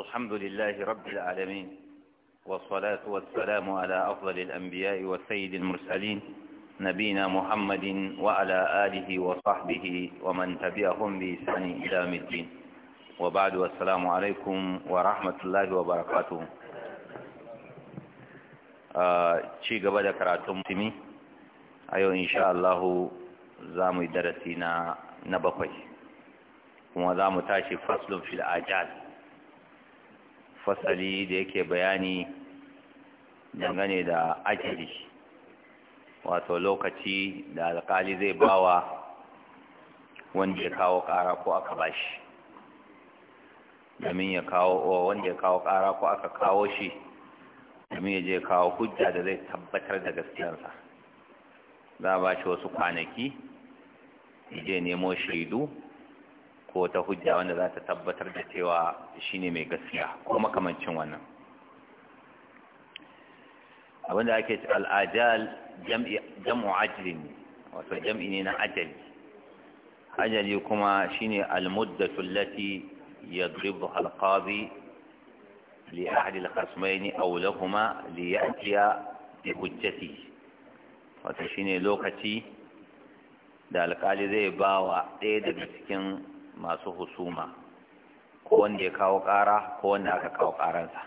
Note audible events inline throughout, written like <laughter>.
الحمد لله رب العالمين والصلاة والسلام على أفضل الأنبياء والسيد المرسلين نبينا محمد وعلى آله وصحبه ومن تبعهم بإسان إلى الدين وبعد والسلام عليكم ورحمة الله وبركاته شيء قبل كراتم تمي أيوة إن شاء الله زام درسنا نبقي وما زام تاشي فصل في الآجال fasali da yake bayani dangane da ajiri wato lokaci da alkali zai bawa wanda ya kawo kara ko aka bashi domin ya kawo wanda ya kawo kara ko aka kawo shi domin ya je kawo hujja da zai tabbatar da gaskiyarsa za a bashi wasu kwanaki je nemo shaidu ko ta hujja wanda za ta tabbatar da cewa ne mai gaskiya ko makamancin wannan abinda ake ce al'ajal jam'u ajali ne wato jam'i ne na ajali ajali kuma shine al-muddatul lati yadribu al-qadi li ahli al a aw lahumā li ya'tiya bi hujjatihi wato shine lokaci da alƙali zai ba wa ɗaya daga cikin masu husuma ko wanda ya kawo ƙara ko wanda aka kawo ƙaransa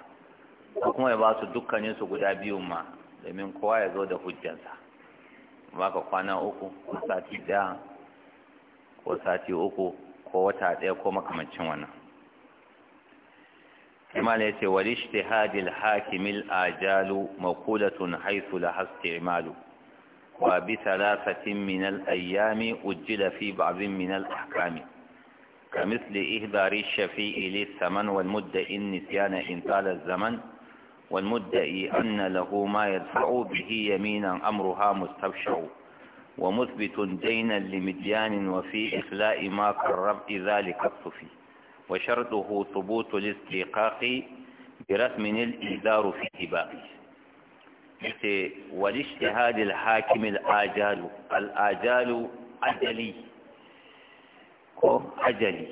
ko kuma ya ba su su guda biyun ma domin kowa ya zo da hujjansa baka kwana uku ko sati ɗaya ko sati uku ko wata ɗaya ko makamancin wannan imala ya ce wali shtihadil hakimil ajalu makulatun haisu la imalu wa bi thalathatin minal ayyami ujjila fi babin minal al-ahkami كمثل إهدار الشفيء للثمن والمدعي النسيان إن طال الزمن والمدة أن له ما يدفع به يمينا أمرها مستبشع ومثبت دينا لمديان وفي إخلاء ما قرب ذلك الصفي وشرطه ثبوت الاستيقاق برسم الإهدار في باقي والاجتهاد الحاكم الآجال الآجال أجلي ko ajali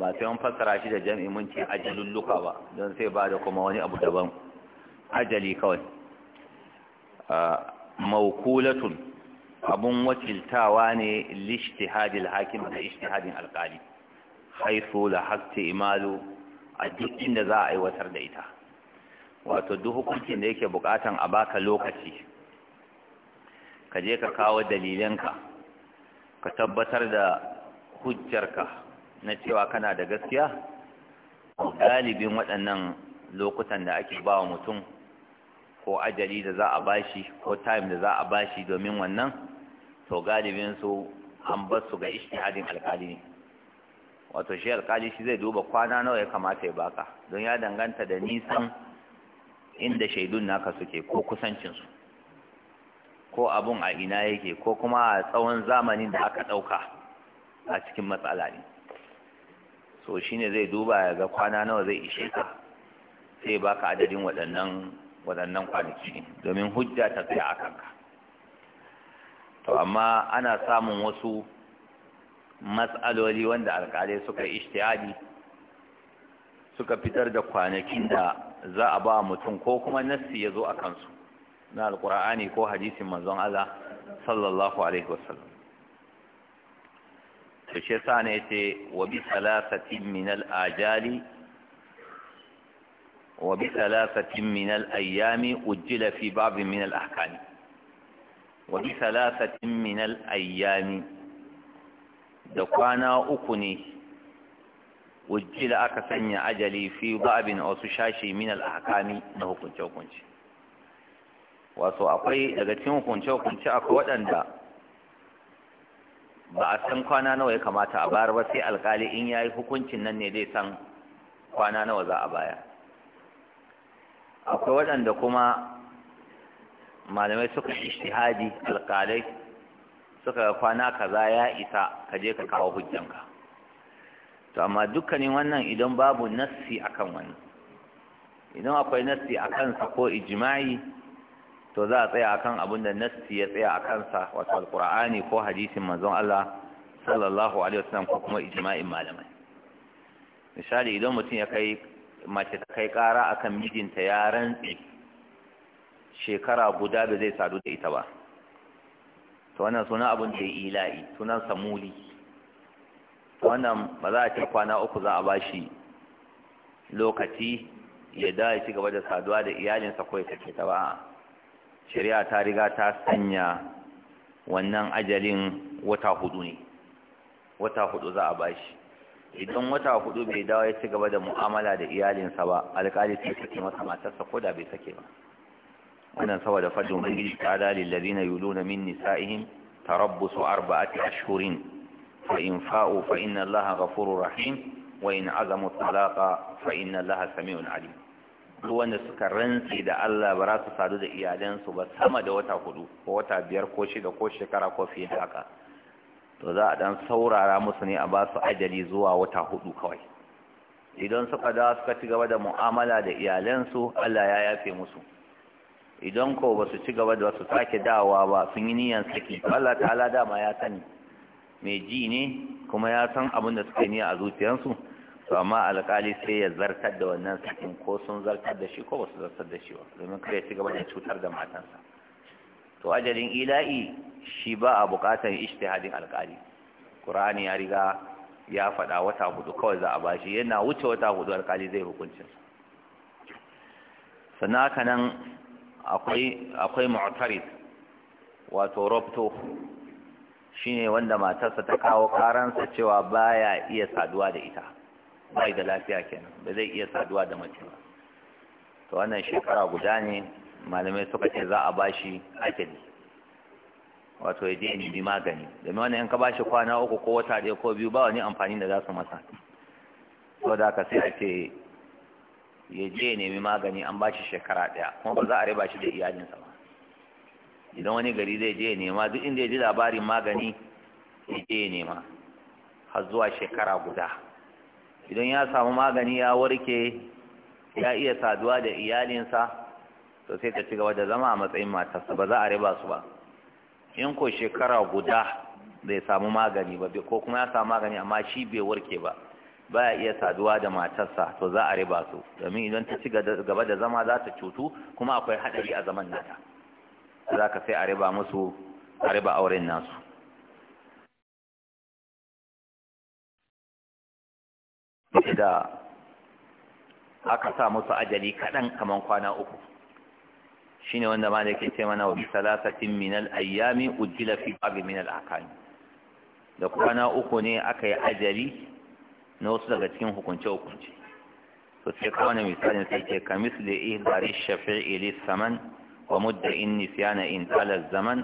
ba sai an fassara shi da jami'i mun ce ajalin luka ba don sai ba da kuma wani abu daban ajali kawai maukulatun abun wakiltawa ne lishtihadil hakim da ishtihadin alkali haifu da hakti imalu a duk inda za a aiwatar da ita wato duk hukuncin da yake bukatan a baka lokaci ka je ka kawo dalilanka ka tabbatar da ka na cewa kana da gaskiya galibin waɗannan lokutan da ake ba wa mutum ko ajali da za a bashi ko time da za a bashi domin wannan to galibin su an bar su ga ishtihadin alkali ne wato shi alkali shi zai duba kwana nawa ya kamata ya baka don ya danganta da nisan inda shaidun naka suke ko kusancinsu ko abun a ina yake ko kuma a tsawon zamanin da aka ɗauka a cikin matsala ne so shine zai duba ya ga kwana nawa zai ishe ka sai baka adadin waɗannan waɗannan kwanaki domin hujja ta tsaya a kanka to amma ana samun wasu matsaloli wanda alkalai suka yi ishtihadi suka fitar da kwanakin da za a ba mutum ko kuma nassi ya zo a kansu na alƙura'ani ko hadisin manzon Allah sallallahu alaihi wasallam to shi yasa ne yace wa bi salasatin min al ajali wa bi salasatin min al ayami ujjila fi ba'd min al ahkam wa bi salasatin min al ayami da kwana uku ne ujjila aka sanya ajali fi ba'bin wasu shashi min al ahkami na hukunce hukunce wato akwai daga cikin hukunce hukunce akwai waɗanda ba a san kwana nawa ya kamata a bayar ba sai alkali in ya yi hukuncin nan ne zai san kwana nawa za a baya akwai waɗanda kuma malamai suka ishtihadi alkalai suka ga kwana kaza ya isa ka je ka kawo hujjanka to amma dukkanin wannan idan babu nassi akan wani idan akwai nassi akan sa ko ijima'i. to za a tsaya akan abin da Nasti ya tsaya a kansa wato alqur'ani ko hadisin manzon Allah sallallahu alaihi wasallam ko kuma ijma'in malamai misali idan mutum ya kai mace ta kai kara akan mijinta ya rantsi shekara guda da zai sadu da ita ba to wannan sunan abin da ya ila'i sunan samuli to wannan ba za a ce kwana uku za a bashi lokaci ya da ya ci gaba da saduwa da iyalinsa ko ya kake ta ba shari'a ta riga ta sanya wannan ajalin wata hudu ne wata hudu za a bashi idan wata hudu bai dawo ya ci gaba da mu'amala da iyalinsa ba alƙali sai sake masa matarsa ko da bai sake ba wannan saboda fadin ubangiji ta da lillazina yuluna min nisa'ihim tarabbusu arba'ati ashhurin fa in fa'u fa inna allaha ghafurur rahim wa in azamu talaqa fa inna allaha sami'un alim wanda suka rantse da Allah ba za su sadu da iyalansu ba sama da wata hudu ko wata biyar ko shida ko shekara ko fiye da haka to za a dan saurara musu ne a ba su ajali zuwa wata hudu kawai idan suka dawo suka ci gaba da mu'amala da iyalansu Allah ya yafe musu idan ko ba su ci gaba da su sake dawowa ba sun yi niyan saki Allah ta'ala dama ya sani mai ji ne kuma ya san abin da suka yi a zuciyarsu to amma alƙali sai ya zartar da wannan sakin ko sun zartar da shi ko ba su zartar da shi ba domin kare ci gaba da cutar da matansa to ajalin ila'i shi ba a buƙatar ijtihadin alƙali Ƙur'ani ya riga ya faɗa wata hudu kawai za a ba shi yana wuce wata hudu alƙali zai hukuncin sannan haka nan akwai akwai mu'tarid wato robto shine wanda matarsa ta kawo karansa cewa baya iya saduwa da ita bai da lafiya kenan ba zai iya saduwa da mace ba to wannan shekara guda ne malamai suka ce za a bashi ajali wato ya je nemi magani domin wannan in ka bashi kwana uku ko wata ɗaya ko biyu ba wani amfani da za su masa to da ka sai ake ya je nemi magani an bashi shekara ɗaya kuma ba za a riba shi da iyalinsa ba idan wani gari zai je nema duk inda ya ji labarin magani ya je nema har zuwa shekara guda idan ya samu magani ya warke ya iya saduwa da iyalinsa to sai ta ci gaba da zama a matsayin matarsa ba za a riba su ba in ko shekara guda bai samu magani ba ko kuma ya samu magani amma shi bai warke ba ba ya iya saduwa da matarsa to za a riba su domin idan ta ci gaba da zama za ta cutu kuma akwai haɗari a zaman nata za ka sai a riba musu a riba auren nasu da aka sa musu ajali kaɗan kamar kwana uku shi ne wanda ma ke ce mana salasatin minal ayyami ujjila fi babi minal akani da kwana uku ne aka yi ajali na wasu daga cikin hukunce-hukunce to sai kawane misalin sai ke kamis da Shafir, ili Saman wa mudda'in nisiyana in talar zaman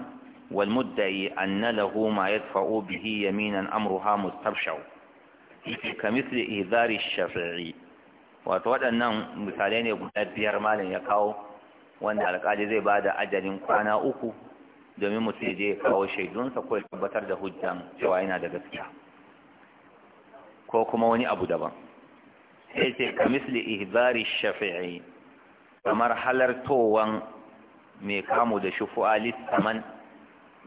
wal والمدعي أن له ما يدفع bihi yaminan أمرها مستبشع كمثل shafi'i wato waɗannan misalai ne guda biyar malam ya kawo wanda alƙali zai ba da ajalin kwana uku domin mutum je ya kawo shaidunsa ko ya tabbatar da hujjan cewa yana da gaskiya ko kuma wani abu daban sai ce ka misli shafi'i kamar halartowan mai kamu da shufu'a lissaman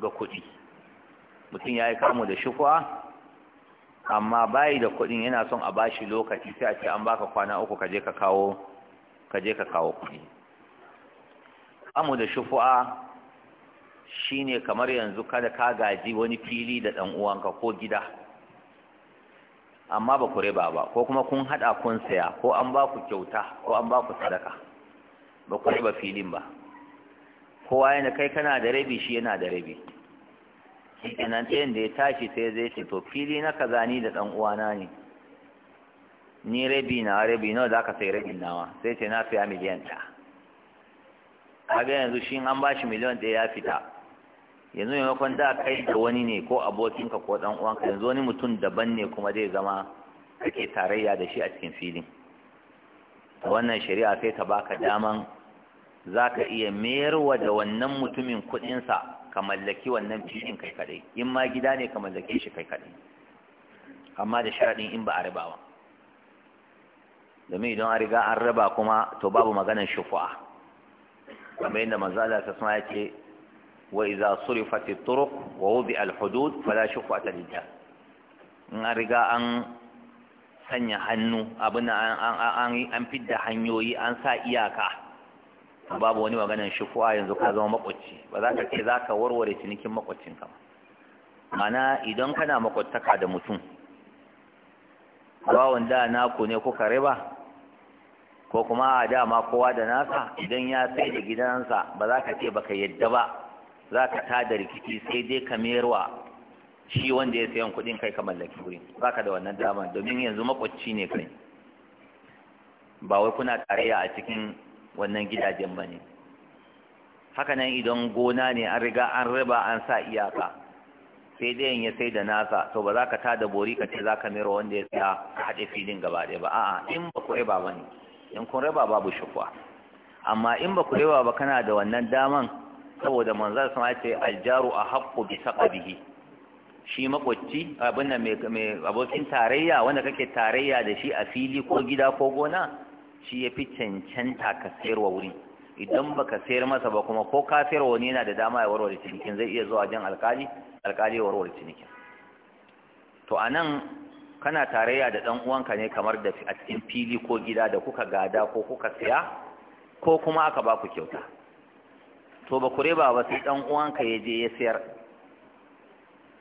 ga kuɗi mutum ya yi kamu da shufu'a amma bayi da kuɗin yana son a bashi lokaci sai a ce an baka kwana uku ka je ka kawo ka ka kawo kuɗi amu da shufu'a shine kamar yanzu kada ka gaji wani fili da ɗan uwanka ko gida amma ba ku riba ba ko kuma kun haɗa kun saya ko an ba ku kyauta ko an ba ku sadaka ba ku riba filin ba kowa yana kai kana da rabi shi yana da rabi kenan ɗayan da ya tashi sai zai ce to fili na kaza ni da ɗan uwana ne ni rabi na rabi nawa za ka sai rabi nawa sai ce na fiya miliyan ɗaya kaga yanzu shi an ba shi miliyan ɗaya ya fita yanzu maimakon da kai da wani ne ko abokinka ko ɗan uwanka yanzu wani mutum daban ne kuma zai zama kake tarayya da shi a cikin filin wannan shari'a sai ta baka daman za ka iya mayarwa da wannan mutumin kuɗinsa ka mallaki wannan filin kai kadai in ma gida ne ka mallake shi kai kadai amma da sharadin in ba a raba ba domin idan an riga an raba kuma to babu maganar shufu'a. kamar yadda manzo Allah ta sama yake wa idza surifat at-turuq wa wudi al-hudud fala shufa'ata lil-jah in an riga an sanya hannu abin an an an fidda hanyoyi an sa iyaka babu wani maganan shufuwa yanzu ka zama makwacci ba za ka ce za ka warware cinikin makwaccinka ba mana idan kana makwattaka da mutum bawan da naku ne kuka raba? ko kuma a dama kowa da nasa idan ya sai da gidansa ba za ka ce baka yadda ba za ka da rikici sai dai ka mayarwa shi wanda ya sayan kuɗin kai ka mallaki wurin za ka da wannan dama domin yanzu makwacci ne kai ba wai kuna tarayya a cikin wannan gidajen ba ne hakanan idan gona ne an riga an riba an sa iyaka sai dai ya sai da nasa to ba za ka ta da bori ka ce za ka mera wanda ya tsaya ka haɗe filin gaba ɗaya ba a'a in ba ku riba ba ne in kun riba babu shukwa amma in ba ku riba ba kana da wannan daman saboda manzar sama ce aljaru a haƙƙo bi saƙabihi shi maƙwabci abin nan mai abokin tarayya wanda kake tarayya da shi a fili ko gida ko gona shi ya fi cancanta ka sayar wa wuri idan ba ka sayar masa ba kuma ko ka sayar wani yana da dama ya warware cinikin zai iya zuwa jan alkali alkali ya warware cinikin to a nan kana tarayya da ɗan uwanka ne kamar da a cikin fili ko gida da kuka gada ko kuka saya ko kuma aka ba ku kyauta to ba kure ba sai ɗan uwanka ya je ya sayar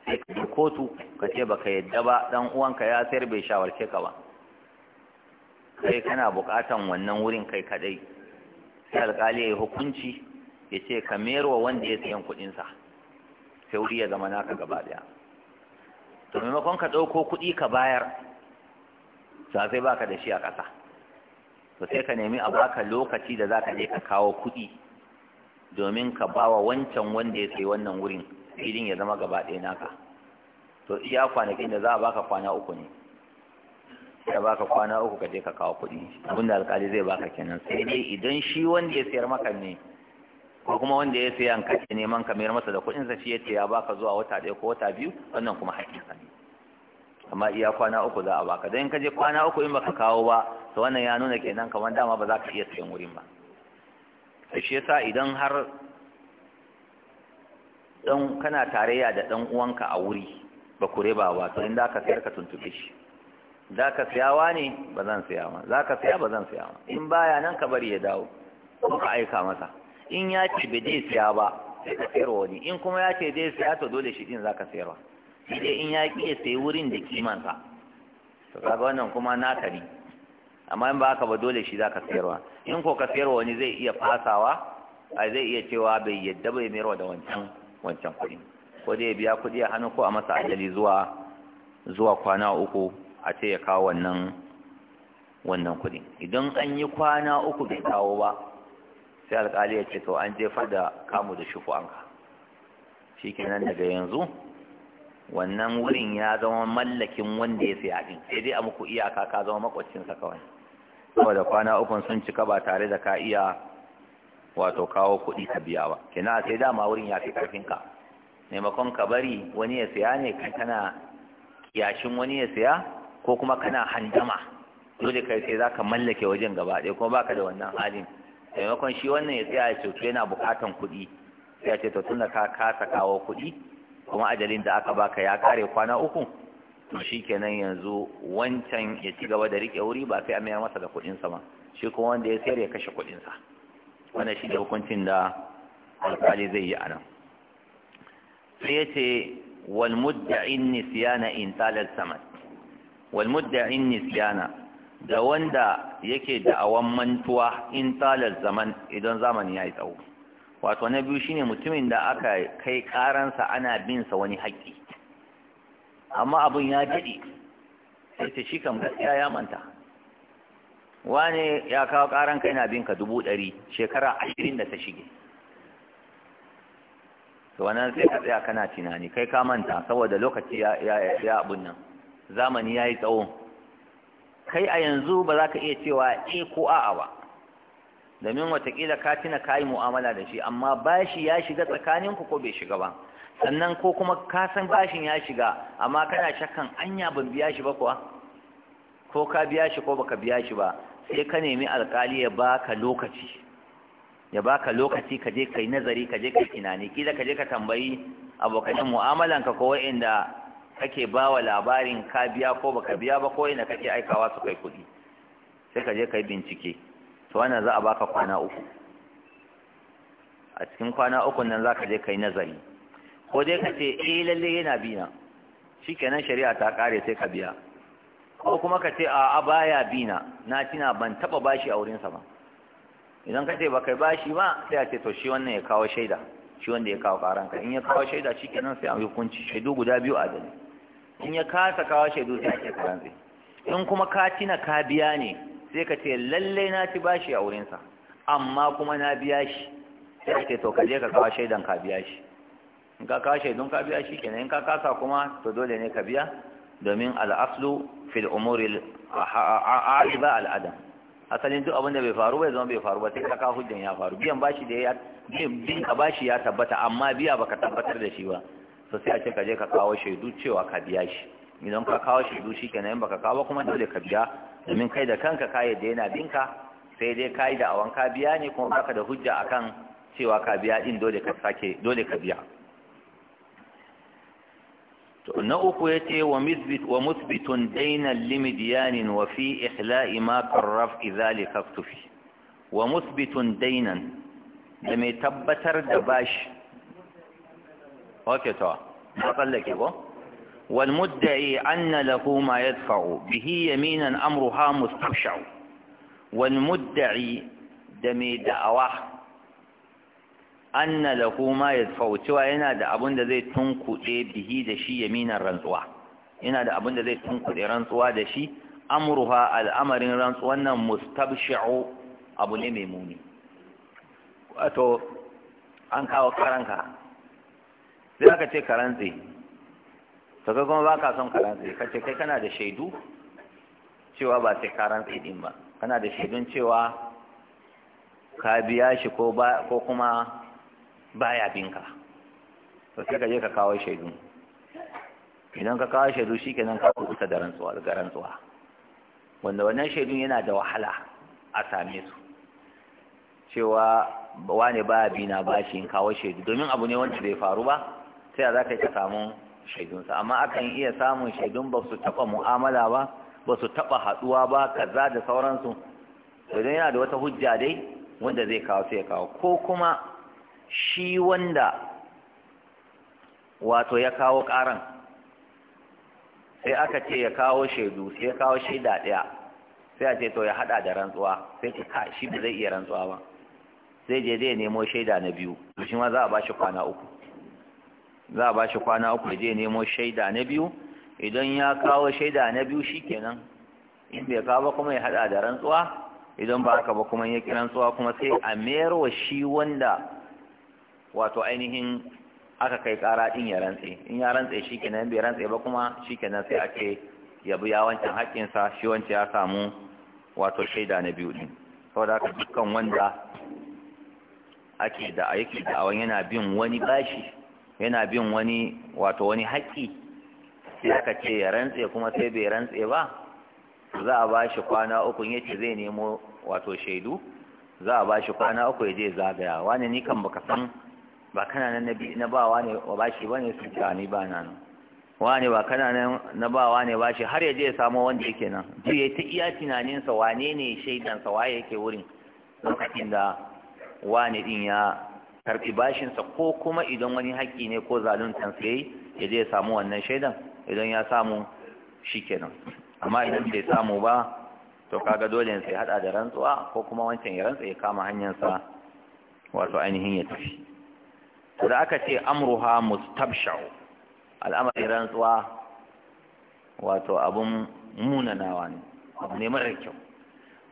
sai ka kotu ka ce ba ka yadda ba ɗan uwanka ya sayar bai shawarce ka ba kai kana bukatan wannan wurin kai kadai sai alƙali ya yi hukunci ya ce ka wa wanda ya sayan kuɗinsa sai wuri ya zama naka gaba ɗaya to maimakon ka ɗauko kuɗi ka bayar to sai baka da shi a ƙasa to sai ka nemi a baka lokaci da za ka je ka kawo kuɗi domin ka bawa wancan wanda ya sayi wannan wurin filin ya zama gaba ɗaya naka to iya kwanakin da za a baka kwana uku ne ya baka kwana uku ka je ka kawo kuɗi abinda alkali zai baka kenan sai dai idan shi wanda ya sayar maka ne ko kuma wanda ya sayan ke neman ka mayar masa da kuɗin sa shi yace ya baka zuwa wata ɗaya ko wata biyu wannan kuma haƙiƙa ne amma iya kwana uku za a baka don ka je kwana uku in baka kawo ba to wannan ya nuna kenan kamar dama ba za ka iya sayan wurin ba shi yasa idan har dan kana tarayya da dan uwanka a wuri ba kure ba wato inda aka sayar ka tuntube shi za ka siyawa ne ba zan siya ma za ka siya ba zan siya ma in baya nan ka bari ya dawo ko ka aika masa in ya ce bai dai siya ba sai ka wa wani in kuma ya ce zai siya to dole shi din za ka wa shi dai in ya ki ya wurin da kimansa to kaga wannan kuma naka ne amma in ba haka ba dole shi za ka wa. in ko ka wa wani zai iya fasawa ai zai iya cewa bai yadda bai mayarwa da wancan wancan kuɗi ko dai biya kuɗi a hannu ko a masa ajali zuwa zuwa kwana uku a ce ya kawo wannan wannan kuɗi idan an yi kwana uku bai kawo ba sai alƙali ya ce to an jefar da kamu da shufu an ka shi kenan daga yanzu wannan wurin ya zama mallakin wanda ya saya din sai dai a muku iyaka ka zama makwacinsa kawai saboda kwana ukun sun cika ba tare da ka iya wato kawo kuɗi ka biya ba kina sai dama wurin ya fi ka maimakon ka bari wani ya siya ne kai kana kiyashin wani ya siya ko kuma kana handama dole kai sai zaka mallake wajen gaba ɗaya kuma baka da wannan halin maimakon shi wannan ya tsaya ya ce yana bukatan kuɗi sai ya ce to tunda ka kasa kawo kuɗi kuma ajalin da aka baka ya kare kwana uku to shi kenan yanzu wancan ya ci gaba da riƙe wuri ba sai a mayar masa da kuɗinsa ba shi kuma wanda ya sayar ya kashe kuɗinsa wannan shi da hukuncin da alƙali zai yi a nan sai ya ce wal mudda'in nisyana in talal samad da in nisyana da wanda yake da'awan mantuwa in talar zaman idan zamani ya yi tsawo wato na biyu shine mutumin da aka kai karansa ana bin sa wani haƙƙi amma abun ya daɗe sai ta shi kam gaskiya ya manta wane ya kawo karan yana na bin ka dubu ɗari shekara ashirin da ta shige to wannan sai ka tsaya kana tunani kai ka manta saboda lokaci ya ya abun nan zamani ya yi tsawo kai a yanzu ba za ka iya cewa e ko a'a ba domin watakila ka tuna ka yi mu'amala da shi amma bashi ya shiga tsakaninku ko bai shiga ba sannan ko kuma ka san bashin ya shiga amma kana shakkan anya ban biya shi ba kuwa ko ka biya shi ko baka biya shi ba sai ka nemi alkali ya baka lokaci ya baka lokaci ka je kai nazari ka je kai tunani kila ka je ka tambayi mu'amalan mu'amalanka ko wa'inda kake ba wa labarin ka biya ko baka biya ba ko ina kake aikawa su kai kuɗi sai ka je ka yi bincike to wannan za a baka kwana uku a cikin kwana uku nan za ka je ka yi nazari ko dai ka ce eh lalle yana bina kenan shari'a ta kare sai ka biya ko kuma ka ce a a baya bina na tina ban taba bashi a wurinsa ba idan ka ce baka bashi ba sai a ce to shi wannan ya kawo shaida shi wanda ya kawo karanka in ya kawo shaida kenan sai a hukunci shaidu guda biyu a adali in ya kasa kawo shaidu sai ake karansa in kuma ka tina ka biya ne sai ka ce lalle na ci bashi a wurinsa amma kuma na biya shi sai ce to ka je ka kawo shaidan ka biya shi in ka kawo shaidun ka biya shi kenan in ka kasa kuma to dole ne ka biya domin al'aslu fil umuri al'adiba al'adam asalin duk abin da bai faru bai zama bai faru ba sai ka kawo hujjan ya faru biyan bashi da ya bin ka bashi ya tabbata amma biya baka tabbatar da shi ba to sai a ce ka je ka kawo shaidu cewa ka biya shi idan ka kawo shaidu shi kenan in baka kawo kuma dole ka biya domin kai da kanka ka yadda yana binka sai dai ka yi da awon ka biya ne kuma baka da hujja akan cewa ka biya din dole ka sake dole ka biya to na uku yace wa wa musbitun dainan limidyan wa fi ihla'i ma qarraf idhalika kaftufi wa musbitun dainan, da mai tabbatar da bashi Ok, to na tsallake ko wal mudda'i anna lahu bihi yaminan amruha mustabsha'u wal mudda'i da mai da'awa anna lahu ma yadfa'u cewa yana da abun da zai tunkuɗe bihi da shi yaminan rantsuwa yana da abun da zai tunkuɗe rantsuwa da shi amruha al'amarin rantsuwan nan mustabshi'u abu ne mai muni wato an kawo karanka sai aka ce ka rantse to kai kuma baka son karantse ka ce kai kana da shaidu cewa ba sai karantse din ba kana da shaidun cewa ka biya shi ko ba ko kuma baya binka to sai ka je ka kawo shaidu idan ka kawo shaidu shikenan ka kusa da rantsuwa da rantsuwa wanda wannan shaidun yana da wahala a same su cewa wane ba bi na bashi in kawo shaidu domin abu ne wanda bai faru ba sai a za ka yi samun samu shaidunsa amma akan iya samun shaidun ba su taɓa mu'amala ba ba su taɓa haɗuwa ba kaza da sauransu idan yana da wata hujja dai wanda zai kawo sai ya kawo ko kuma shi wanda wato ya kawo ƙaran sai aka ce ya kawo shaidu sai ya kawo shaida ɗaya sai a ce to ya haɗa da rantsuwa sai ce ka shi ba zai iya rantsuwa ba zai je zai nemo shaida na biyu to shi ma za a ba shi kwana uku za a ba shi kwana uku je nemo shaida na biyu idan ya kawo shaida na biyu shi kenan, in bai kawo kuma ya hada da rantsuwa idan ba haka ba kuma ya rantsuwa kuma sai a wa shi wanda wato ainihin aka kai kara din ya rantse in ya rantse in bai rantse ba kuma shi kenan sai a ce ya biya wancan haƙƙinsa shi wancan ya samu wato shaida na biyu din saboda haka dukkan wanda ake da yake da awan yana bin wani bashi yana bin wani wato wani haƙƙi sai aka ce ya rantse kuma sai bai rantse ba za a ba shi kwana uku ya ce zai nemo wato shaidu za a ba shi kwana uku ya je zagaya wani ni kan baka san ba kana nan na ba wani ba shi ba ne su ce ni ba na nan wani ba kana nan na ba wani ba shi har ya je ya samo wanda yake nan ji ya ta iya tunaninsa wane ne shaidansa waye yake wurin lokacin da wani din ya karɓi sa ko kuma idan wani haƙƙi ne ko zaluntan sai ya je ya samu wannan shaidan idan ya samu shi kenan amma idan bai samu ba to kaga dole sai hada da rantsuwa ko kuma wancan ya rantsa ya kama hanyarsa wato ainihin ya tafi to da aka ce amruha mustabsha'u al'amari rantsuwa wato abun munanawa ne abu ne mara kyau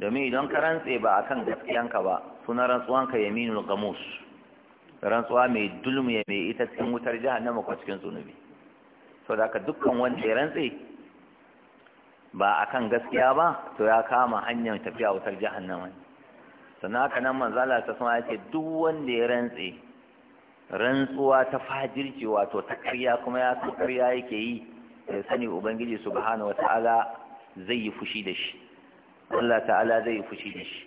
domin idan ka rantse ba akan gaskiyanka ba sunan rantsuwanka yaminul gamus rantsuwa mai ya mai ita cikin wutar jahannama ko cikin zunubi sau da dukkan wanda ya rantse ba akan gaskiya ba to ya kama hanyar tafiya wutar jahannama ne sannan haka nan manzala ta sama ya duk wanda ya rantse rantsuwa ta fajirci wato ta karya kuma ya san karya yake yi ya sani ubangiji subhanahu wataala zai yi fushi da shi Allah ta'ala zai yi fushi da shi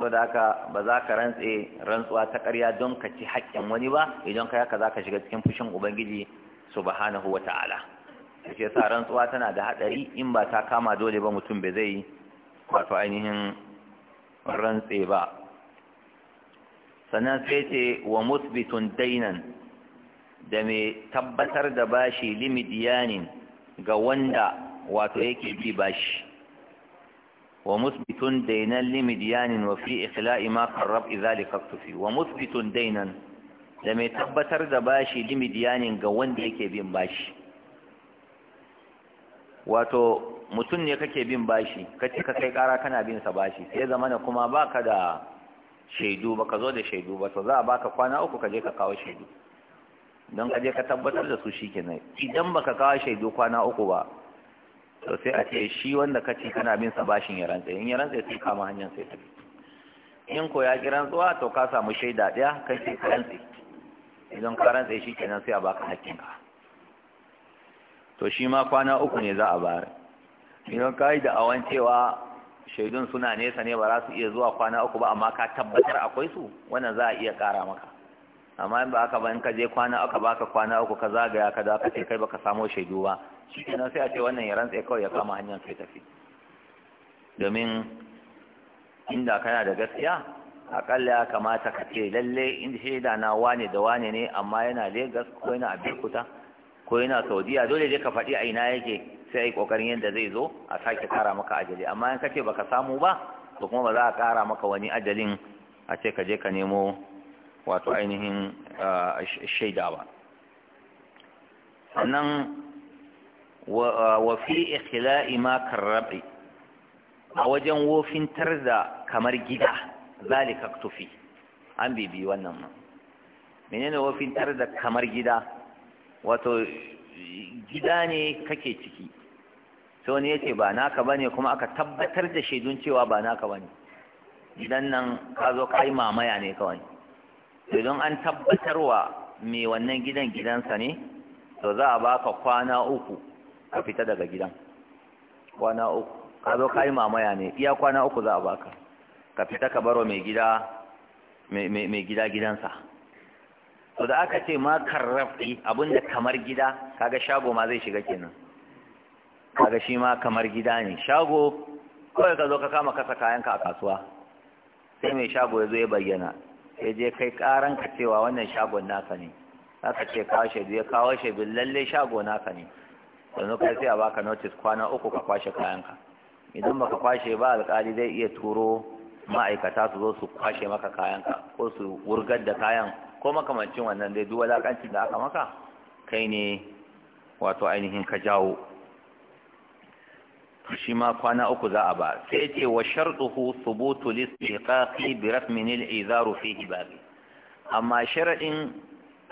so da haka ba za ka rantse rantsuwa ta ƙarya don ka ci haƙƙin wani ba idan ka yaka za ka shiga cikin fushin ubangiji subhanahu wa ta'ala ke sa rantsuwa tana da haɗari in ba ta kama dole ba mutum bai zai wato ainihin rantse ba sannan sai ce wa musbitun dainan da mai tabbatar da bashi limidiyanin ga wanda wato yake bi bashi ومثبت دينا لمديان وفي إخلاء ما قرب ذلك اكتفي ومثبت دينا لم يتبتر دباشي لمديان قوان ديك بين باشي واتو mutum ne kake bin bashi ka ce ka kai kara kana bin sa bashi sai zamana kuma baka da shaidu baka zo da shaidu ba to za a baka kwana uku ka ka kawo shaidu don ka ka tabbatar da su shikenan idan baka kawo shaidu kwana uku ba to sai a ce shi wanda kace kana bin sa bashin ya rantsa in ya rantsa sai kama hanyar sai tafi in ko ya kiran zuwa to ka samu shaida daya kai sai ka rantsa idan ka rantsa shi kenan sai a baka ka to shi ma kwana uku ne za a bayar idan ka yi da awan cewa shaidun suna nesa ne ba za su iya zuwa kwana uku ba amma ka tabbatar akwai su wannan za a iya kara maka amma in ba haka ba in ka je kwana aka baka kwana uku ka zagaya ka da ka ce kai baka samo shaidu ba shi kenan sai a ce wannan ya rantse kawai ya kama hanyar sai tafi domin inda kana da gaskiya akalla ya kamata ka ce lalle inda shaida na wane da wane ne amma yana Legas ko yana abirkuta ko yana Saudiya dole dai ka faɗi a ina yake sai a yi ƙoƙarin yadda zai zo a sake kara maka ajali amma in kace baka samu ba to kuma ba za a kara maka wani ajalin a ce ka je ka nemo wato ainihin ah, shaida ba sannan wa fi ikhla'i ma karrabi a wajen wofin tarza kamar gida zalika tufi an bibi wannan ma menene wofin tarza kamar gida wato gida ne kake ciki So ne yace ba naka bane kuma aka tabbatar da shaidun cewa ba naka bane gidan nan ka zo ka yi mamaya ne kawai idan an tabbatarwa mai wannan gidan gidansa ne to za a baka kwana uku ka fita daga gidan kwana uku ka zo ka yi mamaya ne iya kwana uku za a baka ka fita ka baro mai gida mai gida gidansa to da aka ce ma karrafi abinda kamar gida kaga shago ma zai shiga kenan kaga shi ma kamar gida ne shago kawai ka zo ka kama kasa kayanka a kasuwa sai mai shago ya zo ya bayyana sai je kai karanka cewa wannan shagon naka ne aka ce kawo shaidu ya kawo shaidu lalle shago naka ne sannan kai sai a baka notice kwana uku ka kwashe kayanka idan baka kwashe ba alƙali zai iya turo ma'aikata su zo su kwashe maka kayanka ko su wurgar da kayan ko makamancin wannan dai duk wulakancin da aka maka kai ne wato ainihin ka jawo shi ma kwana uku za a ba sai ce wa sharɗuhu subutu listiqaqi bi rafmin al izar fi hibabi amma sharadin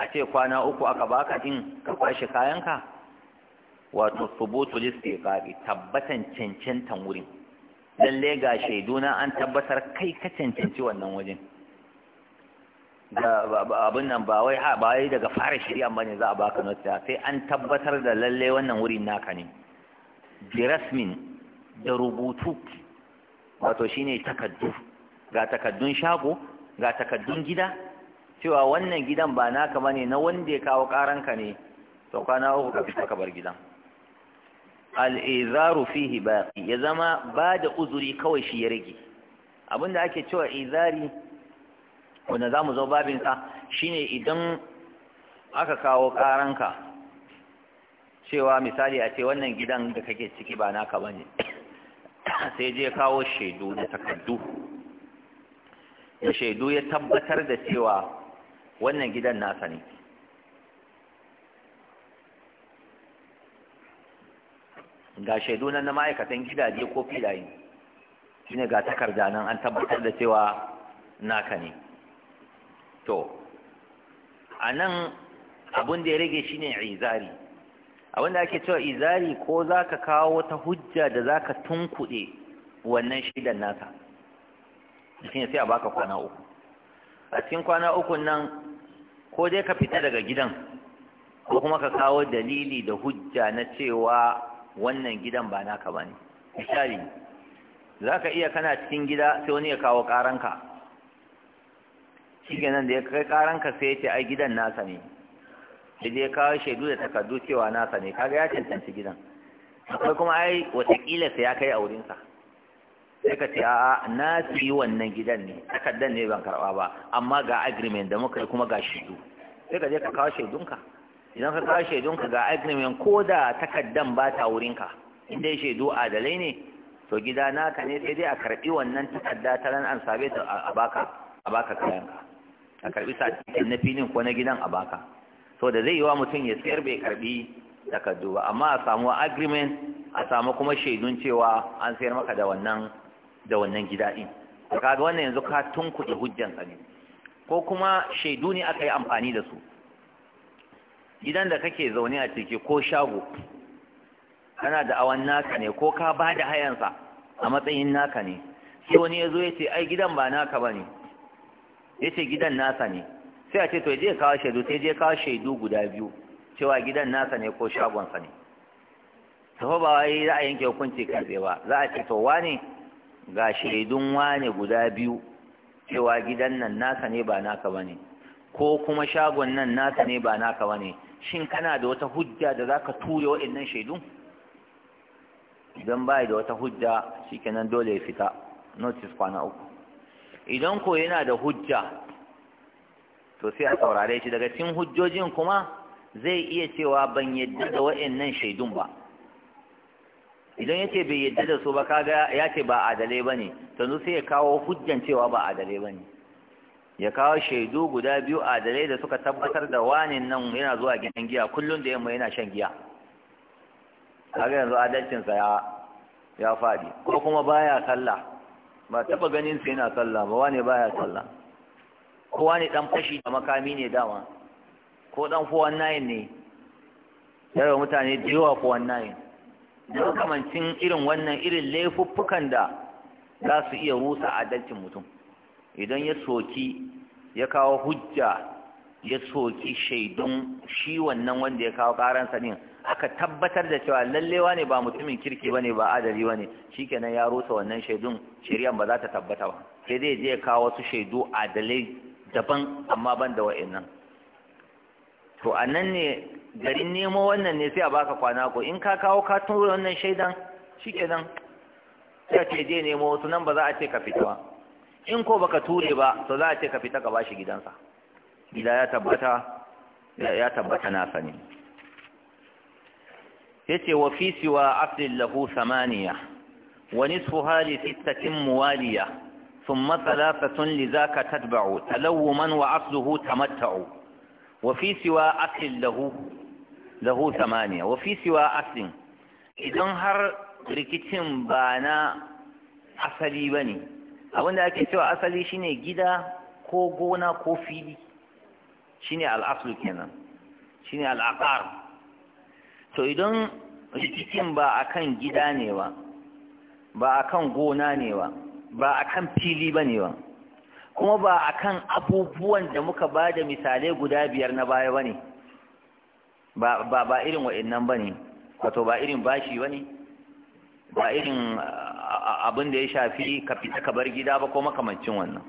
a ce kwana uku aka baka din ka kwashe kayanka wato subutul istiqabi tabbatan cancantan wurin lalle ga shaiduna an tabbatar kai ka cancanci wannan wajen abin nan ba wai ha ba wai daga fara shari'a bane za a baka nota sai an tabbatar da lalle wannan wurin naka ne bi rasmin da rubutu wato shine takaddu ga takaddun shago ga takaddun gida cewa wannan gidan ba naka bane na wanda ya kawo karanka ne to kwana uku ka fita ka bar gidan al'izaru fihi ba ya zama ba da uzuri kawai shi ya rage abinda ake cewa izari wanda za mu zo babinsa shine idan aka kawo ƙaranka cewa misali a ce wannan gidan da kake ciki ba naka ba ne <coughs> sai je kawo shaidu da takardu da shaidu ya tabbatar da cewa wannan gidan nasa ne ga shaidunan na ma'aikatan gidaje ko filaye shine ga takarda nan an tabbatar da cewa naka ne to a nan abin da ya rage shine izari abin da ake cewa izari ko za ka kawo wata hujja da za ka tunkuɗe wannan shidan naka shi sai a baka kwana uku a cikin kwana uku nan ko dai ka fita daga gidan ko kuma ka kawo dalili da hujja na cewa wannan gidan ba naka bane misali zaka iya kana cikin gida sai wani ya kawo karanka nan da ya kai karanka sai ya ce ai gidan nasa ne sai dai ya kawo shaidu da takardu cewa nasa ne kaga ya cancanci gidan akwai kuma ai watakila sai ya kai a wurinsa sai ka ce a'a na siyi wannan gidan ne takardar ne ban karɓa ba amma ga agreement da muka yi kuma ga shaidu sai ka je ka kawo shaidunka idan ka kawo ka ga agreement ko da takaddan ba ta wurinka inda shaidu adalai ne to gida naka ne sai dai a karbi wannan takadda ta ran an sabe ta a baka a baka kayanka a karbi satifiket na filin ko na gidan a baka so da zai yi wa mutum ya sayar bai karbi takaddu ba amma a samu agreement a samu kuma shaidun cewa an sayar maka da wannan da wannan gida din kaga wannan yanzu ka tunkuɗe hujjan ne ko kuma shaidu ne aka yi amfani da su gidan da kake zaune a ciki ko shago kana da awan naka ne ko ka ba da hayansa a matsayin naka ne sai wani ya zo ya ce ai gidan ba naka ba ne ya ce gidan nasa ne sai a ce to je kawo shaidu sai je kawo shaidu guda biyu cewa gidan nasa ne ko shagonsa ne tafi ba wai za a yanke hukunci tsaye ba za a ce to wane ga shaidun wane guda biyu cewa gidan nan nasa ne ba naka ba ne ko kuma shagon nan nasa ne ba naka ba ne shin kana da wata hujja da za ka ture waɗannan shaidu idan bai da wata hujja kenan dole ya fita notice kwana uku idan ko yana da hujja to sai a saurare shi daga cikin hujjojin kuma zai iya cewa ban yadda da waɗannan shaidun ba idan yake bai yadda da su ba kaga ya ce ba adalai ne, to sai ya kawo hujjan cewa ba adalai ne. ya kawo shaidu guda biyu a dare da suka tabbatar da wani nan yana zuwa gidan giya kullum da yamma yana shan giya kaga yanzu adalcinsa ya ya faɗi ko kuma baya sallah ba taɓa ganin sa yana sallah ba wani baya sallah ko wani dan fashi da makami ne dama ko dan fuwan nayin ne yawa mutane da yawa fuwan nayin da kamancin irin wannan irin laifuffukan da za su iya rusa adalcin mutum idan ya soki ya kawo hujja ya soki shaidun shi wannan wanda ya kawo karansa ne aka tabbatar da cewa lallewa ne ba mutumin kirki ba ne ba adali shi kenan ya rusa wannan shaidun shirya ba za ta tabbata ba sai zai je kawo wasu shaidu adalai daban amma ban da wa'annan to a nan ne garin nemo wannan ne sai a baka kwana ko in ka kawo ka tura wannan shaidan kenan sai ce je nemo wasu nan ba za a ce ka fita ba in ko baka ture ba to za a ce ka fita ka bashi gidansa gida ya tabbata ya tabbata na sani yace wa fi siwa aslin lahu samaniya wa nisfu hali sittatin muwaliya ثم asali لذاك تتبع تلوما وأصله تمتع وفي سوى أصل samaniya, له ثمانية وفي سوى أصل إذن هر ركتين بانا أصلي بني abin da ake cewa asali shine gida ko gona ko fili shine al'aslu kenan shine al'aqar to idan cikin ba akan gida ne ba ba akan gona ne ba ba akan fili ba ne ba kuma ba akan abubuwan da muka ba da misalai guda biyar na baya ba ne ba ba irin wa'annan ba ne wato ba irin bashi ba ne ba irin abin da ya shafi ka fita ka bar gida ba ko makamancin wannan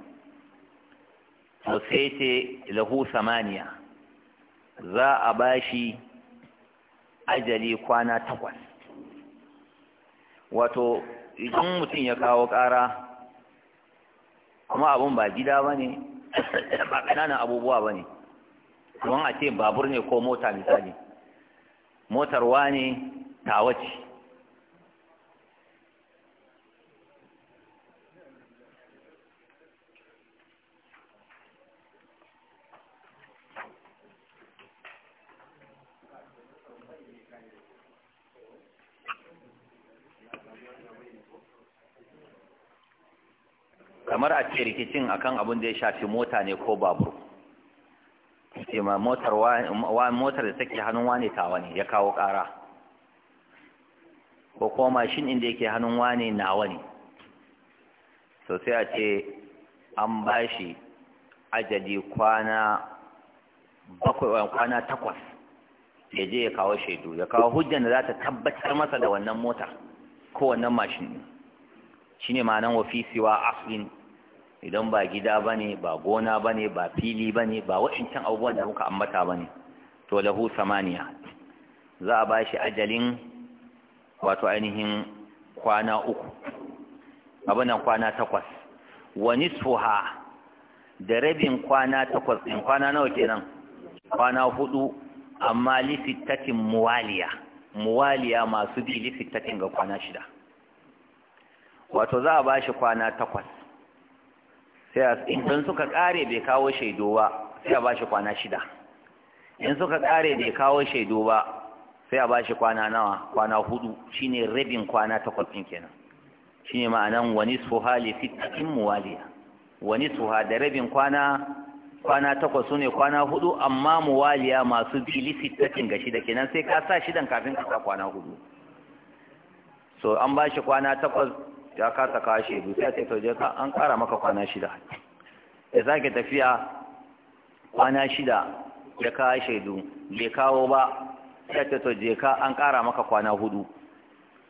to sai ce lahu samaniya za a bashi ajali kwana takwas wato idan mutum ya kawo ƙara kuma abin ba gida ba ne ba ƙananan abubuwa ba ne kuma a ce babur ne ko mota misali motarwa ne tawaci kamar a ce rikicin akan abin da ya shafi mota ne ko babur motar da take hannun wane tawa ne ya kawo ƙara ko kuma mashin inda yake hannun wane nawa ne so sai a ce an bashi ajali kwana bakwai eh, kwana takwas ya je ya kawo shaidu ya kawo hujjan da za ta tabbatar masa da wannan mota ko wannan mashin Shi ne ma nan wa fi idan ba gida ba ne, ba gona ba ne, ba fili ba ne, ba wa'ancan abubuwan da muka ambata ba ne. to lahu samaniya za a bashi ajalin wato ainihin kwana uku abinan kwana takwas Wani tsoha da rabin kwana takwas In kwana nawa kenan kwana hudu amma lifittatin muwaliya muwaliya masu bi lifittatin ga kwana shida wato za a bashi kwana takwas sai idan suka kare bai kawo shaidu ba sai a bashi kwana shida in suka kare bai kawo shaidu ba sai a bashi kwana nawa kwana hudu shine rabin kwana takwas din kenan shine ma'anan wani suha li fitakin muwaliya wani suha da rabin kwana kwana takwas sune kwana hudu amma muwaliya masu bi li fitakin ga shida kenan sai ka sa shidan kafin ka sa kwana hudu so an bashi kwana takwas ya kasa kawo shaidu sai ce to je ka an kara maka kwana shida ya sake tafiya kwana shida ya kawo shaidu bai kawo ba ya ce to je ka an kara maka kwana hudu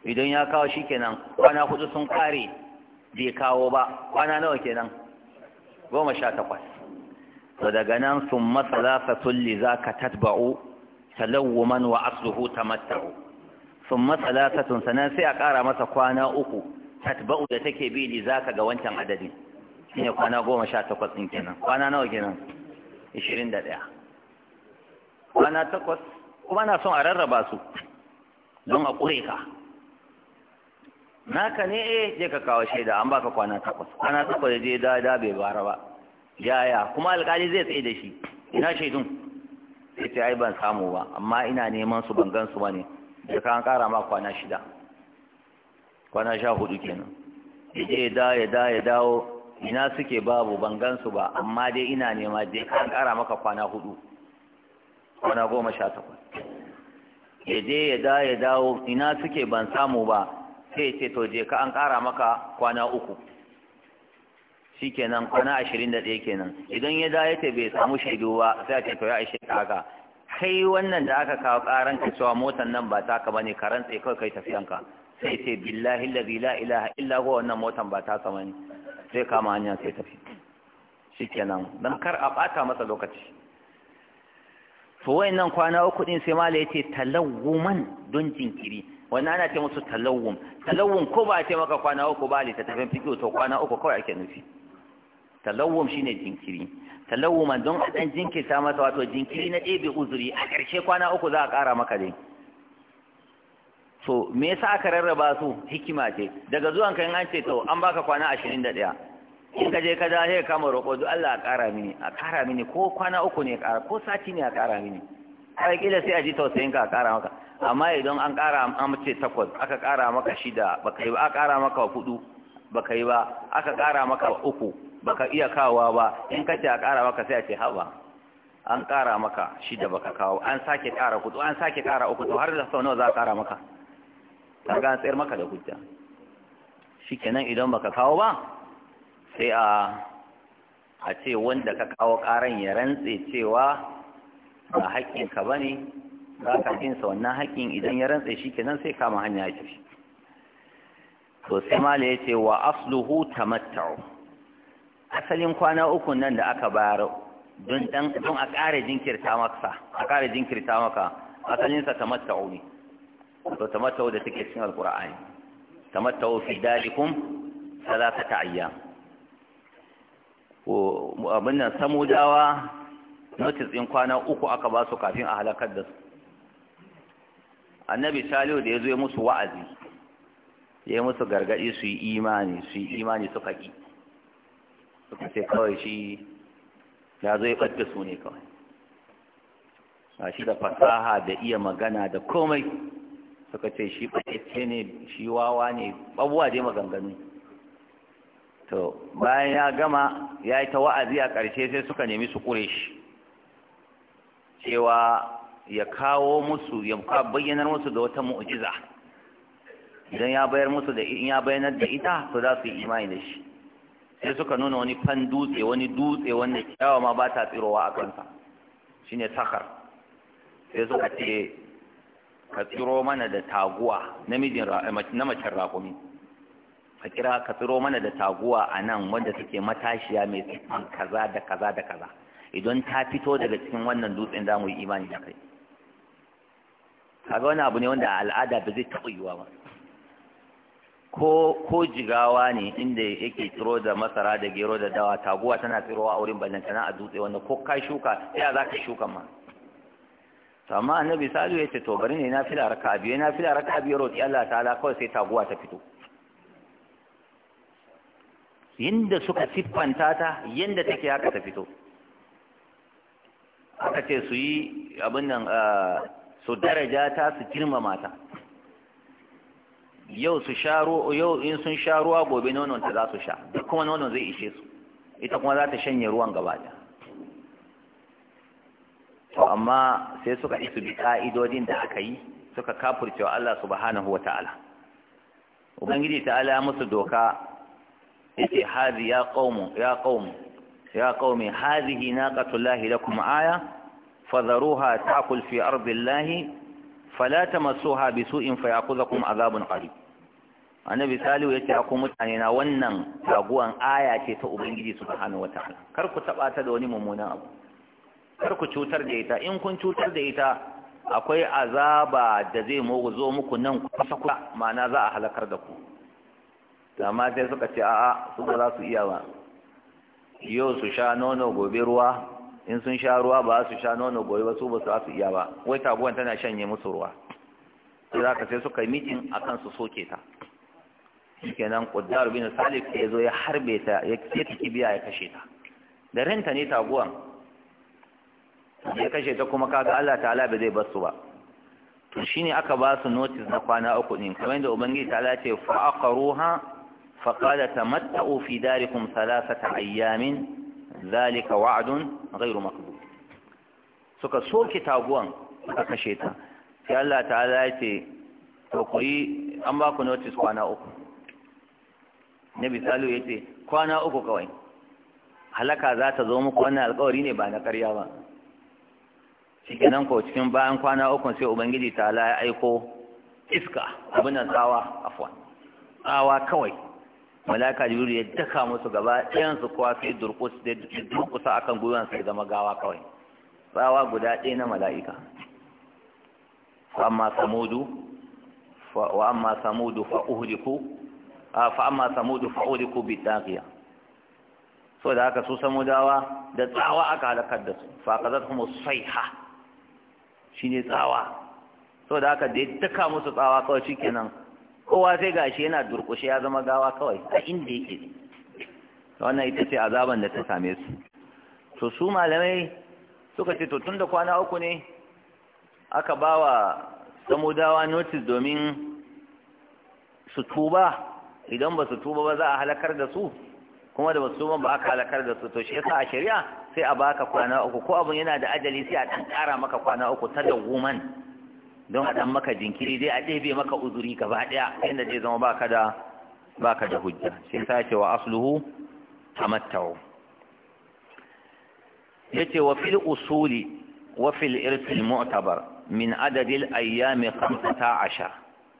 idan ya kawo shi kenan kwana hudu sun kare bai kawo ba kwana nawa kenan goma sha takwas to daga nan sun masa matsalasa tulli za ka tatba'u talawuman wa ta tamatta'u sun ta sannan sai a ƙara masa kwana uku tatba'u da take bi li zaka ga wancan adadin shine kwana goma sha takwas in kenan kwana nawa kenan ishirin da ɗaya kwana takwas kuma na son a rarraba su don a ƙure ka naka ne eh je ka kawo shaida an baka kwana takwas kwana takwas je da da bai bara ba yaya kuma alƙali zai tsaye da shi ina shaidun sai ce ai ban samu ba amma ina neman su ban gan su bane da kan an ƙara ma kwana shida kwana sha hudu kenan je da ya da ya dawo ina suke babu ban gansu ba amma dai ina nema dai an kara maka kwana hudu kwana goma sha takwas ya je ya da ya dawo ina suke ban samu ba sai ce to je ka an kara maka kwana uku kenan kwana ashirin da ɗaya kenan idan ya da ya ce bai samu shaidu ba sai a ce to ya ishe ka haka kai wannan da aka kawo karan ka cewa motan nan ba taka bane ka rantse kawai kai tafiyanka sai ce billahi allazi la ilaha illa huwa wannan motan ba ta sama ne sai kama hanya sai tafi shikenan dan kar a bata masa lokaci to wayannan kwana uku din sai mala yace talawuman don jinkiri wannan ana ce musu talawum talawum ko ba a ce maka kwana uku ba ta tafin fiqo to kwana uku kawai ake nufi talawum shine jinkiri talawuman don a dan jinkirta masa wato jinkiri na ɗebe uzuri a ƙarshe kwana uku za a ƙara maka dai so me yasa aka rarraba su hikima ce daga zuwan kan an ce to an baka kwana 21 in ka je ka da sai kama roƙo Allah ya ƙara mini a ƙara mini ko kwana uku ne ƙara ko sati ne a ƙara mini kai kila sai a ji tausayin ka a ƙara maka amma idan an ƙara an mace takwas aka ƙara maka shida baka yi ba aka ƙara maka hudu baka yi ba aka ƙara maka uku baka iya kawowa ba in ka ce a ƙara maka sai a ce haba an ƙara maka shida baka kawo an sake ƙara hudu an sake ƙara uku to har da sau nawa za a ƙara maka kaga tsayar maka da hujja kenan idan baka kawo ba sai a a ce wanda ka kawo karan ya rantse cewa ba haƙƙin ka bane ba ka kinsa wannan haƙƙin idan ya rantse kenan sai kama hanya ya tafi to sai mala ya ce wa asluhu tamatta'u asalin kwana uku nan da aka bayar don a ƙara jinkirta maka a ƙara jinkirta maka asalinsa tamatta'u ne to tamattau da take ta alqur'ani tamattau fi za salatata ayyam ko abin nan samudawa notis din kwana uku aka ba su kafin a halakar da su annabi salihu da ya zo musu wa'azi ya yi musu gargaɗi su yi imani su yi imani suka ƙi suka ce kawai shi ya zo ya su ne kawai a shi da fasaha da iya magana da komai suka ce shi ɓatacce ne shi wawa ne abubuwa dai maganganu to bayan ya gama ya yi ta wa'azi a ƙarshe sai suka nemi su ƙure shi cewa ya kawo musu ya bayyanar musu da wata mu'jiza idan ya bayar musu da in ya bayanar da ita to za su yi imani da shi sai suka nuna wani fan dutse wani dutse wanda ciyawa ma ba ta tsirowa a kansa shine sakar sai suka ce ka tsiro mana da taguwa namijin eh, na macen rakumi ka kira ka tsiro mana da taguwa a nan wanda take matashiya mai tsikan kaza da kaza da kaza idan ta fito daga cikin wannan dutsen za mu yi imani da kai kaga wani abu ne wanda al'ada ba zai taɓa yiwa ba ko ko jigawa ne inda yake tsiro da masara da gero da dawa taguwa tana tsirowa a wurin ballantana a dutse wanda ko ka shuka sai za ka shuka ma to amma annabi salu ya ce to bari ne na fila raka biyu na fila raka biyu roƙi Allah ta'ala kawai sai taguwa ta fito yanda suka siffanta ta yanda take haka ta fito aka ce su yi abin nan su daraja ta su girma mata yau su sharo yau in sun sha ruwa gobe nonon ta za su sha duk kuma nonon zai ishe su ita kuma za ta shanye ruwan gaba ɗaya to amma sai suka isu bi ka'idodin da aka yi suka wa Allah subhanahu wata'ala ubangiji ta'ala musu doka yace hadhi ya qaumu ya qaumu ya qaumi hadhihi naqatullahi lakum aya fadharuha ta'kul fi ardillahi fala tamassuha bisu'in fayaquzakum adhabun qarib annabi salihu yace ku mutane na wannan taguwan aya ce ta ubangiji subhanahu wata'ala kar ku taba ta da wani mummunan abu kar ku cutar da ita in kun cutar da ita akwai azaba da zai zo muku nan kusa kusa ma'ana za a halakar da ku amma sai suka ce a'a su ba za su iya ba yau su sha nono gobe ruwa in sun sha ruwa ba su sha nono gobe ba su ba su su iya ba wai taguwan tana shanye musu ruwa sai za ka sai suka yi mitin akan su soke ta kenan kuddar bin salif ya zo ya harbe ta ya ce ta ya kashe ta da ranta ne taguwan ya kashe ta kuma kaga Allah ta'ala ba zai basu ba to shine aka ba su notice na kwana uku din kamar yadda ubangiji ta'ala ce fa aqruha fa qala tamatta'u fi darikum thalathata ayyamin zalika wa'dun ghayru maqbul suka soke taguwan suka kashe ta sai Allah ta'ala ya ce to ku yi an ba ku notice kwana uku nabi salu ya ce kwana uku kawai halaka za ta zo muku wannan alkawari ne ba na karya ba shikenan ko cikin bayan kwana uku sai ubangiji ta ya aiko iska abin nan tsawa afwan tsawa kawai malaka jibril ya daka musu gaba ɗayan su kuwa sai durkus da durkusa akan gwiwan sai zama gawa kawai tsawa guda ɗaya na mala'ika amma samudu wa amma samudu fa uhriku fa amma samudu fa uhriku bi taqiya so da haka su samudawa da tsawa aka halakar da su fa kazat humus sayha shine tsawa da haka da ya kawo musu tsawa kawai kenan kowa sai gashi yana durkushe ya zama gawa kawai a inda yake wannan ita ce azaban da ta same su to su malamai suka ce to tun da kwana uku ne aka ba wa samudawa notice domin su tuba idan ba su tuba ba za a halakar da su kuma da ba su tuba ba aka halakar da su to shi yasa a shari'a sai a baka kwana uku ko abun yana da ajali sai a dan kara maka kwana uku ta dawuman don a dan maka jinkiri dai a ɗebe maka uzuri gaba ɗaya inda zai zama baka da baka da hujja sai ta ce wa asluhu tamattau yace wa fil usuli wa fil irsil mu'tabar min adad al ayyami 15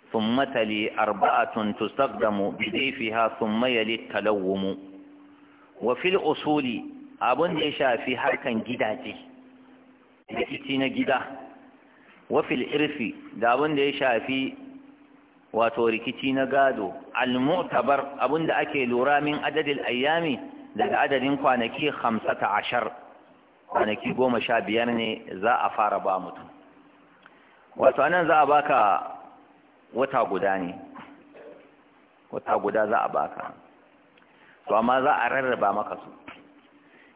ثم تلي أربعة تستخدم بديفها ثم يلي التلوم وفي الأصول abin da ya shafi harkan gidaje rikici na gida wafil irfi da abin da ya shafi wato rikici na gado almutabar abin da ake lura min adadin ayyami daga adadin kwanaki hamsata ashar kwanaki goma sha biyar ne za a fara ba mutum wato nan za a baka wata guda ne wata guda za a baka to amma za a rarraba maka su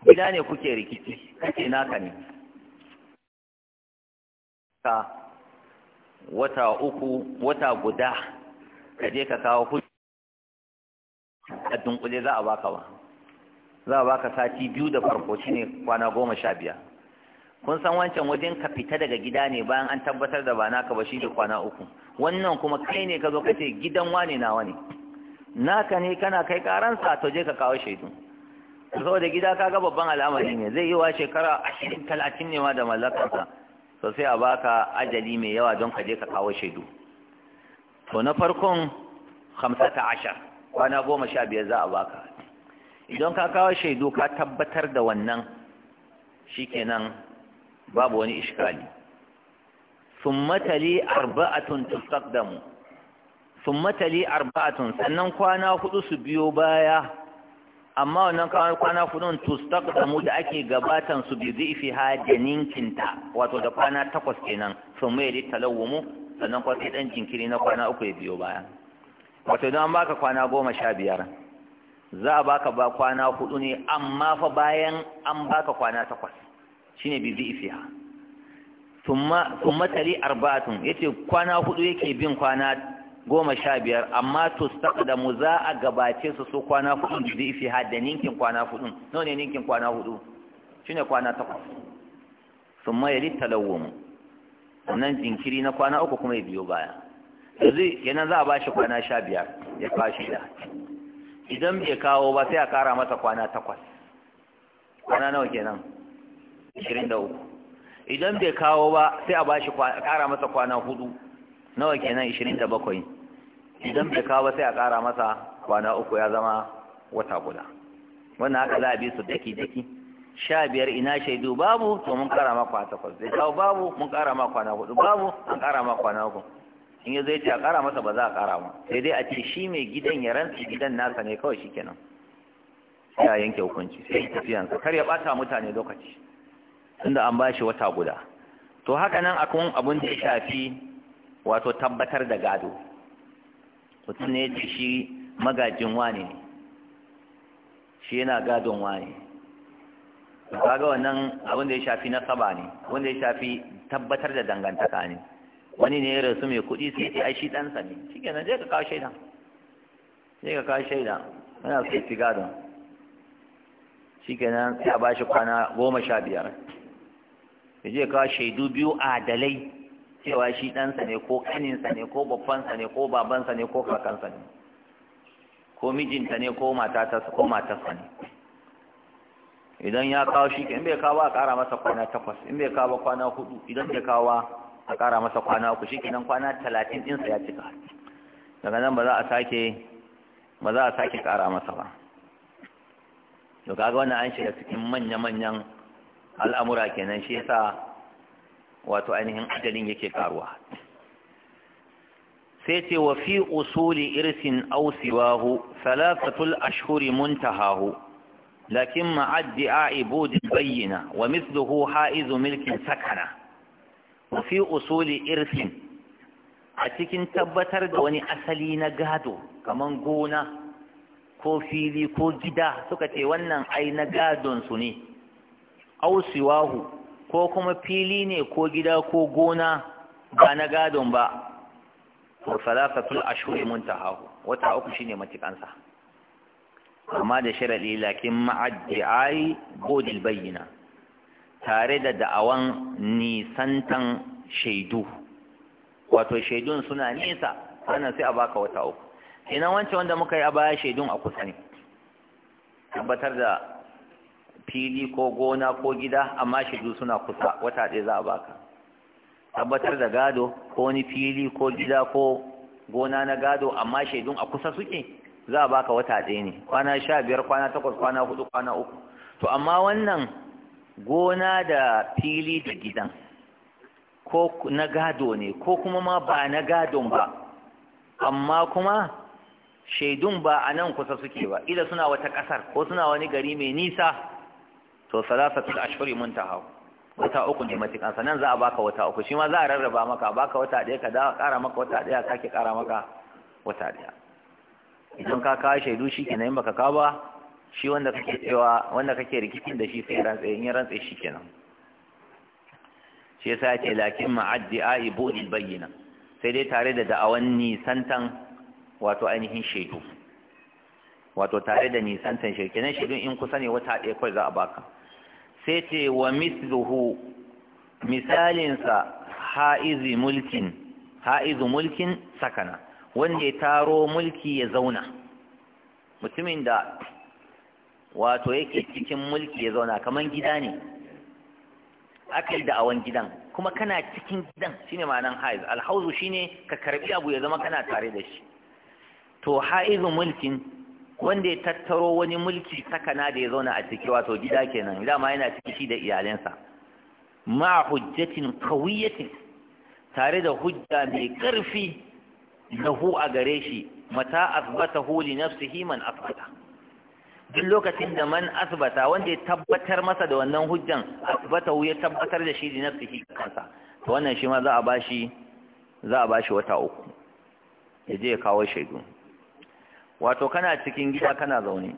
gida ne kuke rikici kace naka ne ka wata uku wata guda ka je ka kawo kuɗi a dunkule za a baka ba za a baka sati biyu da farko shine kwana goma sha biyar kun san wancan wajen ka fita daga gida ne bayan an tabbatar da ba naka ba shi ne kwana uku wannan kuma kai ne ka zo ka ce gidan wane nawa ne naka ne kana kai karansa to je ka kawo shaidu saboda gida ka ga babban al'amari ne zai yi wa shekara ashirin talatin ne ma da mallakarsa to sai a baka ajali mai yawa don ka je ka kawo shaidu to na farkon hamsata ashar kwana goma sha biyar za a baka idan ka kawo shaidu ka tabbatar da wannan shikenan babu wani ishkali summa tali arba'atun tustaqdamu summa tali arba'atun sannan kwana hudu su biyo baya amma wannan kwana kudin stock da mu da ake gabatan su bi fi ha da ninkinta wato da kwana takwas kenan sun mai da talawumu sannan kwa sai dan jinkiri na kwana uku ya biyo baya wato idan an baka kwana goma sha biyar za a baka ba kwana hudu ne amma fa bayan an baka kwana takwas shine bi fi ha summa summa tali arba'atun yace kwana hudu yake bin kwana goma sha biyar amma to da mu za a gabace su su kwana hudu da zai fi hada ninkin kwana hudu nawa ne ninkin kwana hudu ne kwana takwas sun maye yali mu. nan jinkiri na kwana uku kuma ya biyo baya yanzu kenan za a bashi kwana sha biyar ya kawo da idan bai kawo ba sai a kara masa kwana takwas kwana nawa kenan ashirin da uku idan bai kawo ba sai a bashi kara masa kwana hudu nawa kenan ishirin da bakwai idan bai kawo sai a ƙara masa kwana uku ya zama wata guda wannan haka za a bi su daki daki sha biyar ina shaidu babu to mun ƙara ma kwana takwas bai kawo babu mun ƙara ma kwana hudu babu an ƙara ma kwana uku in ya zai ce a ƙara masa ba za a ƙara ma sai dai a ce shi mai gidan ya rantsa gidan nasa ne kawai shi kenan ya yanke hukunci sai tafiyansa kar ya ɓata mutane lokaci tunda an ba shi wata guda to haka nan akwai abun da ya shafi wato tabbatar da gado mutum ne ce shi magajin wane ne shi yana gadon wane kaga wannan abin da ya shafi nasaba ne wanda ya shafi tabbatar da dangantaka ne wani ne ya rasu mai kuɗi sai ce ai shi ɗansa ne shi kenan zai ka kawo shaida zai ka kawo shaida yana so ci gadon shi kenan sai a ba shi kwana goma sha biyar ya je kawo shaidu biyu adalai cewa shi ɗansa ne ko ƙaninsa ne ko babbansa ne ko babansa ne ko kakansa ne ko mijinta ne ko matata matarsa ne idan ya kawo shi ke, in bai kawo a ƙara masa kwana takwas in bai kawo kwana hudu idan bai kawo a ƙara masa kwana uku shi kenan kwana talatin ɗinsa ya cika daga nan ba za a sake ba za a sake ƙara masa ba to kaga wannan an shiga cikin manya-manyan al'amura kenan shi yasa wato ainihin ajalin yake karuwa sai ce wa fi usuli irsin ausiwahu siwahu ashhuri muntahahu lakin ma'addi a'ibud bayyina wa mithluhu haizu milkin sakana wa fi usuli irsin a cikin tabbatar da wani asali na gado kaman gona ko fili ko gida suka ce wannan ai na gadon su ne ausiwahu. ko kuma fili ne ko gida ko gona ba na gadon ba to salasatul ashhur muntahahu wata uku shine matikansa amma da sharadi lakin ma'addi'ai godil bayyina tare da da'awan nisantan shaidu wato shaidun suna nisa sannan sai a baka wata uku ina wancan wanda muka yi a baya shaidun a kusa ne tabbatar da fili ko gona ko gida amma shaidu suna kusa wata ɗaya za a baka tabbatar da gado ko wani fili ko gida ko gona na gado amma shaidun a kusa suke za a baka wata ɗaya ne kwana sha biyar kwana takwas kwana hudu kwana uku to amma wannan gona da fili da gidan ko na gado ne ko kuma ma ba na gadon ba amma kuma shaidun ba a nan kusa suke ba ila suna wata ƙasar ko suna wani gari mai nisa so salasatul ashhuri muntaha wata uku ne matikan sannan za a baka wata uku shi ma za a rarraba maka baka wata daya ka dawo kara maka wata daya sake kara maka wata daya idan ka kawo shaidu shi kenan in baka kawo ba shi wanda kake cewa wanda kake rikicin da shi sai rantsa in ya rantsa shi kenan shi yasa ya ce lakin ma'addi a'i bu'il bayyana sai dai tare da da'awan nisantan wato ainihin shaidu wato tare da nisantan shaidu kenan shaidun in kusa ne wata ɗaya kawai za a baka sai ce wa misluhu misalinsa ha'izu mulkin ha'izu mulkin sakana wanda ya taro mulki ya zauna mutumin da wato yake cikin mulki ya zauna kaman gida ne aka yi da'awan gidan kuma kana cikin gidan shine ma'anan haiz alhauzu shine ka karbi abu ya zama kana tare da shi to haizu mulkin wanda ya tattaro wani mulki sakana da ya zauna a ciki wato gida kenan dama yana ciki shi da iyalansa ma hujjatin kawiyatin tare da hujja mai karfi lahu a gare shi mata hu li nafsihi man asbata duk lokacin da man asbata wanda ya tabbatar masa da wannan hujjan hu ya tabbatar da shi li nafsihi kansa to wannan shi ma za a bashi za a bashi wata uku ya je ya kawo shaidu wato kana cikin gida kana zaune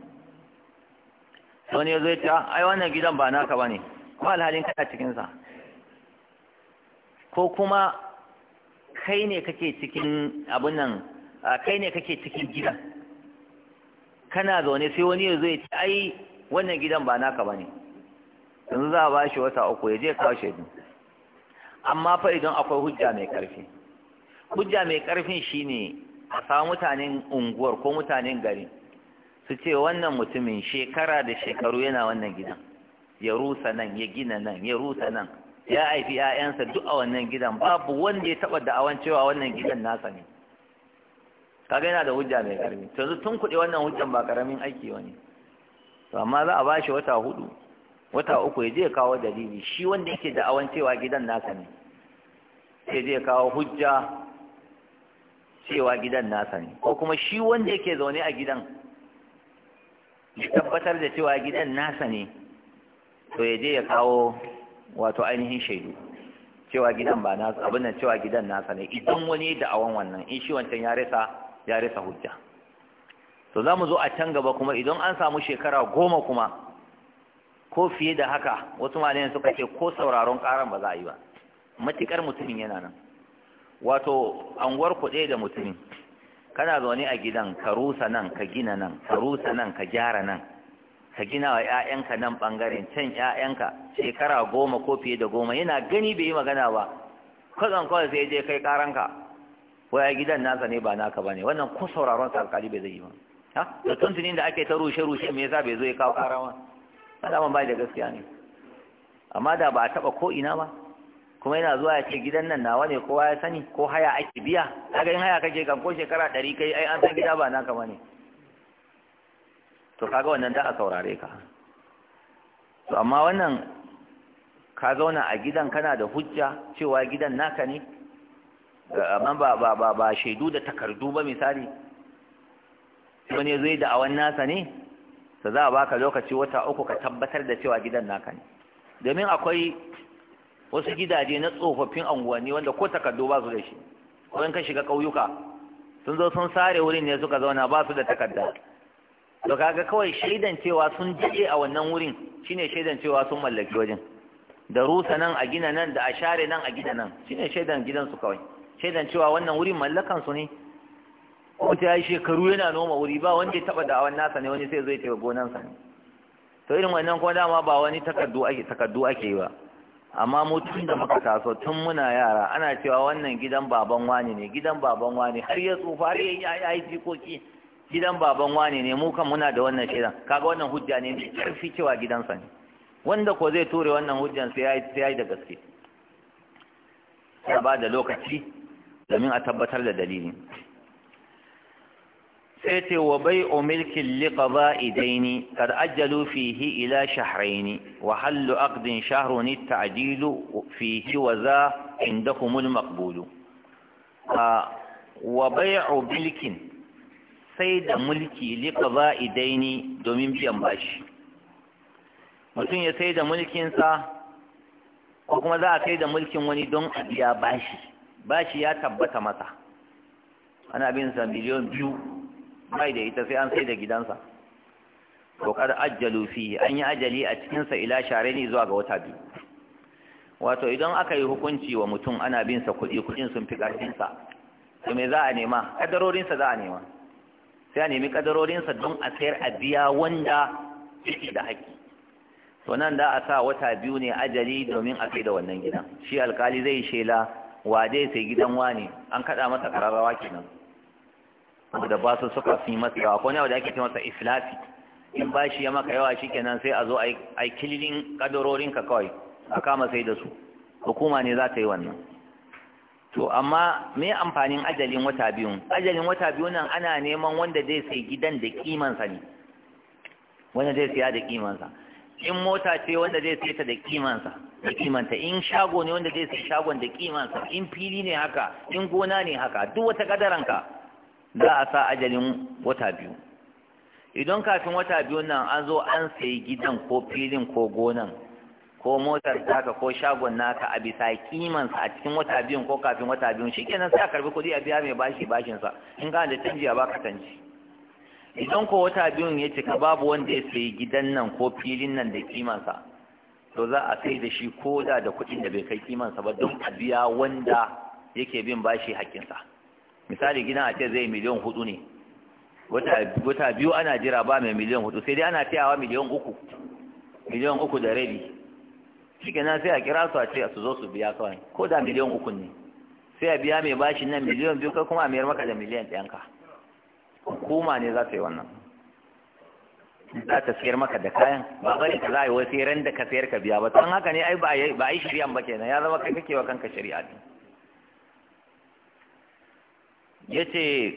wani ya zo ya ce ai wannan gidan ba naka ba ne ko alhalin kana cikinsa ko kuma kai ne kake cikin abin nan kai ne kake cikin gidan kana zaune sai wani ya zo ya ce ai wannan gidan ba naka ba ne yanzu za a ba shi wata uku ya je kawo shaidu amma fa idan akwai hujja mai ƙarfi hujja mai ƙarfin shine a sa mutanen unguwar ko mutanen gari su ce wannan mutumin shekara da shekaru yana wannan gidan ya rusa nan ya gina nan ya rusa nan ya haifi 'ya'yansa duk a wannan gidan babu wanda ya taɓa da'awan cewa wannan gidan nasa ne kaga yana da hujja mai karami yanzu tun kuɗi wannan hujjan ba karamin aiki wani to amma za a ba shi wata hudu wata uku ya je ya kawo dalili shi wanda yake da'awan cewa gidan nasa ne sai je kawo hujja cewa gidan nasa ne ko kuma shi wanda yake zaune a gidan ya tabbatar da cewa gidan nasa ne to ya je ya kawo wato ainihin shaidu cewa gidan ba nasa abin nan cewa gidan nasa ne idan wani da awan wannan in shi wancan ya rasa ya rasa hujja to za mu zo a can gaba kuma idan an samu shekara goma kuma ko fiye da haka wasu malayan suka ce ko sauraron karan ba za a yi ba matuƙar mutumin yana nan wato anguwar kuɗe da mutumin kana zaune a gidan ka rusa nan ka gina nan ka rusa nan ka gyara nan ka gina wa ƴaƴanka nan ɓangaren can ƴaƴanka shekara goma ko fiye da goma yana gani bai yi magana ba kwazan kawai sai je kai ƙaranka ya gidan nasa ne ba naka ba ne wannan ko sauraron sa alƙali bai zai yi ba ha da tuntunin da ake ta rushe rushe me yasa bai zo ya kawo ƙara ba alaman da gaskiya ne amma da ba a taɓa ko ina ba kuma yana zuwa ya ce gidan nan nawa ne kowa ya sani ko haya ake biya kaga in haya kake kan ko shekara ɗari kai ai an san gida ba naka ne? to kaga wannan da a saurare ka to amma wannan ka zauna a gidan kana da hujja cewa gidan naka ne amma ba ba ba ba shaidu da takardu ba misali wani zai da awan nasa ne to za a baka lokaci wata uku ka tabbatar da cewa gidan naka ne domin akwai wasu gidaje na tsofaffin anguwanni wanda ko takardu ba su da shi ko in ka shiga ƙauyuka sun zo sun sare wurin ne suka zauna ba su da takarda to kaga kawai shaidan cewa sun jide a wannan wurin shine shaidan cewa sun mallaki wajen da rusa nan a gina nan da a share nan a gina nan shine shaidan gidan su kawai shaidan cewa wannan wurin mallakan su ne ko ta yi shekaru yana noma wuri ba wanda ya taba da awan nasa ne wani sai zai taimaka gonansa ne to irin wannan ko dama ba wani takardu ake takardu ake yi ba amma mu tun da muka taso tun muna yara ana cewa wannan gidan baban wani ne gidan baban wani har ya tsufa har ya yi ki gidan baban wani ne mu kan muna da wannan shaidan kaga wannan hujja ne mai karfi cewa gidansa ne wanda ko zai ture wannan hujjan sai sai yi da gaske ya ba da lokaci domin a tabbatar da dalilin sai ce wa bai umilkin liƙaba idaini kar ajalu fihi ila shahraini wa hallu aqdin shahruni ta'jilu fihi wa za indakumul maqbulu wa bai'u bilkin sai da mulki liƙa liƙaba idaini domin biyan bashi mutum ya sai da mulkinsa ko kuma za a sai da mulkin wani don a biya bashi bashi ya tabbata masa ana bin sa miliyon biyu bai da ita sai an sai da gidansa ko kar ajjalu fi an yi ajali a cikin sa ila sharini zuwa ga wata biyu wato idan aka yi hukunci wa mutum ana bin sa kuɗi kuɗin sun fi karfin sa to me za a nema kadarorin sa za a nema sai a nemi kadarorin sa don a sayar a biya wanda yake da haƙƙi to nan da a sa wata biyu ne ajali domin a kai da wannan gidan shi alkali zai shela wa dai sai gidan wani an kada masa kararrawa kenan da ba su suka fi masa yawa ko ne wanda ake ce masa islafi in ba shi ya maka yawa shi kenan sai a zo a yi kililin kadarorin ka kawai a kama sai da su hukuma ne za ta yi wannan to amma me amfanin ajalin wata biyu ajalin wata biyu nan ana neman wanda zai sai gidan da kimansa ne wanda zai siya da kimansa in mota ce wanda zai sai ta da kimansa da kimanta in shago ne wanda zai sai shagon da kimansa in fili ne haka in gona ne haka duk wata kadaranka za a sa ajalin wata biyu idan kafin wata biyu nan an zo an sayi gidan ko filin ko gonan ko motar taka ko shagon naka a bisa kimansa a cikin wata biyun ko kafin wata biyun kenan sai a karbi kuɗi a biya mai bashi bashinsa in ka da canji a baka canji idan ko wata biyun ya cika babu wanda ya sayi gidan nan ko filin nan da kimansa to za a sai da shi ko da da kuɗin da bai kai kimansa ba don a biya wanda yake bin bashi hakkinsa. misali gina a ce zai miliyan hudu ne wata biyu ana jira ba mai miliyan hudu sai dai ana cewa miliyan uku miliyan uku da rabi shi nan sai a kira su a ce su zo su biya kawai ko da miliyan uku ne sai a biya mai bashin nan miliyan biyu kai kuma a mayar maka da miliyan ɗayanka hukuma ne za ta yi wannan za ta sayar maka da kayan ba bari ka za a yi wasu ran da ka sayar ka biya ba don haka ne ai ba a yi shari'an ba kenan ya zama kai kake wa kanka shari'a ne yace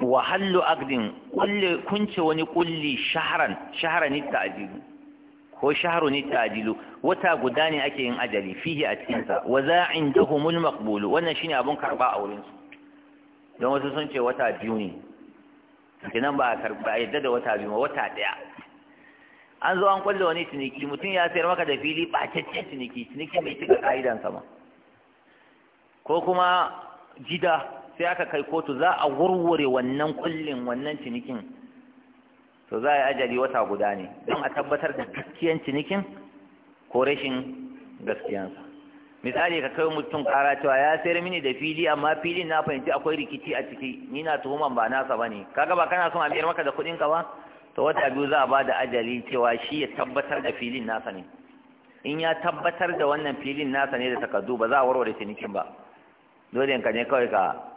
wa hallu aqdin kulli kunce wani kulli shahran shahrani ta'jilu ko shahruni ta'jilu wata guda ne ake yin ajali fihi a cikin sa wa za indahumul maqbul wannan shine abun karba a wurin su don wasu sun ce wata biyu ne kinan ba karba yadda da wata biyu wata daya an zo an kulle wani ciniki mutum ya sayar maka da fili bacacce ciniki ciniki mai cika ka'idan sama ko kuma gida sai aka kai kotu za a wurwure wannan kullin wannan cinikin to za a yi ajali wata guda ne don a tabbatar da gaskiyan cinikin ko rashin gaskiyansa misali ka kai mutum kara cewa ya sayar mini da fili amma filin na fahimci akwai rikici a ciki ni na tuhuman ba nasa bane kaga ba kana son a biyar maka da kuɗin ka ba to wata biyu za a ba da ajali cewa shi ya tabbatar da filin nasa ne in ya tabbatar da wannan filin nasa ne da takardu ba za a warware cinikin ba dole ka ne kawai ka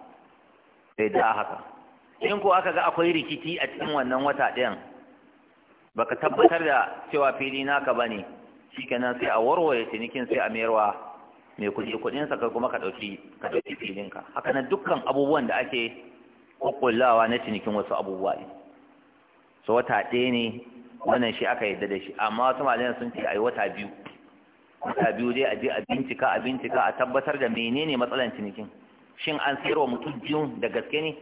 sai da haka in ko aka ga akwai rikici a cikin wannan wata ɗayan baka tabbatar da cewa fili naka ba bane shikenan sai a warware cinikin sai a mayarwa mai kuɗi kuɗin sa kuma ka ɗauki ka ɗauki filinka haka nan dukkan abubuwan da ake kukullawa na cinikin wasu abubuwa ne so wata ɗaya ne wannan shi aka yadda da shi amma wasu malamai sun ce a yi wata biyu wata biyu dai a je a bincika a bincika a tabbatar da menene matsalan cinikin shin an sayarwa mutum biyun da gaske ne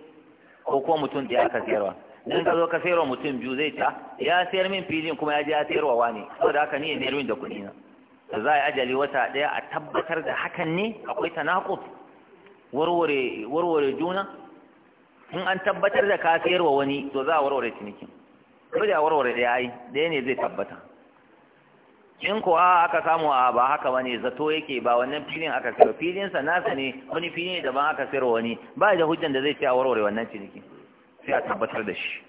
ko ko mutum da aka sayarwa dan ka zo ka sayarwa mutum biyu zai ta ya sayar min filin kuma ya je ya sayarwa wani saboda haka ni ya mayar min da kuɗi na za a yi ajali wata ɗaya a tabbatar da hakan ne akwai tanaqut warware warware juna in an tabbatar da ka sayarwa wani to za a warware cinikin ko da warware ɗaya ai ɗaya ne zai tabbata in ko a aka samu a ba haka bane zato yake ba wannan filin aka sayo filin sa nasa ne wani fili da ban aka sayo wani ba da hujjan da zai ce a warware wannan ciniki sai a tabbatar da shi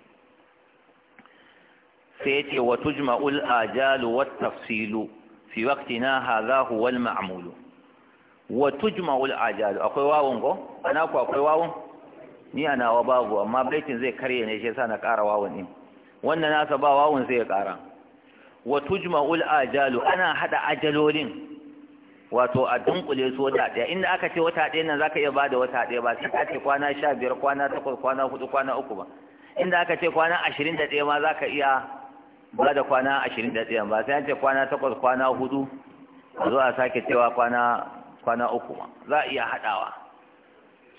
sai ce wa tujma'ul ajalu wat tafsilu fi waqtina hadha huwa al ma'mul wa tujma'ul ajalu akwai wawun ko ana ku akwai wawun ni ana wa babu amma baitin zai karye ne shi yasa na ƙara wawun din wannan nasa ba wawun sai ya ƙara wa tujma'ul ajalu ana hada ajalolin wato a dunkule su wata ɗaya inda aka ce wata ɗaya nan zaka iya bada wata ɗaya ba sai ka ce kwana sha biyar kwana takwas kwana hudu kwana uku ba inda aka ce kwana ashirin da ɗaya ma zaka iya bada kwana ashirin da ɗaya ba sai an ce kwana takwas kwana hudu a zo a sake cewa kwana kwana uku ma za a iya haɗawa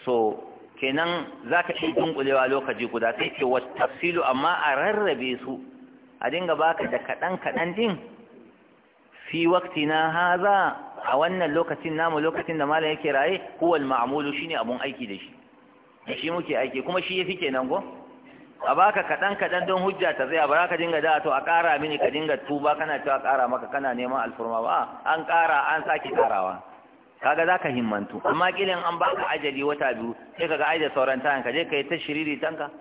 so kenan zaka iya dunkulewa lokaci guda sai ce wa tafsilu amma a rarrabe su a dinga baka da kaɗan kaɗan din fi na haza a wannan lokacin namu lokacin da malam yake raye kowal ma'amulu shi ne abun aiki da shi da shi muke aiki kuma shi ya yafi kenan go a baka kaɗan kaɗan don hujja ta zai ba ka dinga da to a ƙara mini ka dinga tuba kana cewa ƙara maka kana neman alfurma ba an ƙara an sake ƙarawa kaga ka himmantu amma ƙilin an baka ajali wata biyu sai kaga ai da sauran tayan ka je yi ta shiriri tanka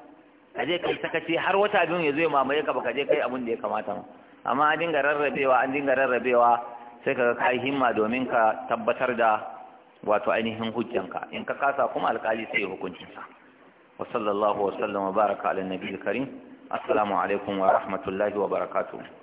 ka je kai sakaci har wata biyun ya zo ya mamaye ka baka je kai abin da ya kamata ma amma an dinga rarrabewa an dinga rarrabewa sai ka kai himma domin ka tabbatar da wato ainihin hujjanka in ka kasa kuma alkali sai hukuncin sa wa sallallahu wa sallama baraka ala nabiyil assalamu alaikum wa rahmatullahi wa barakatuh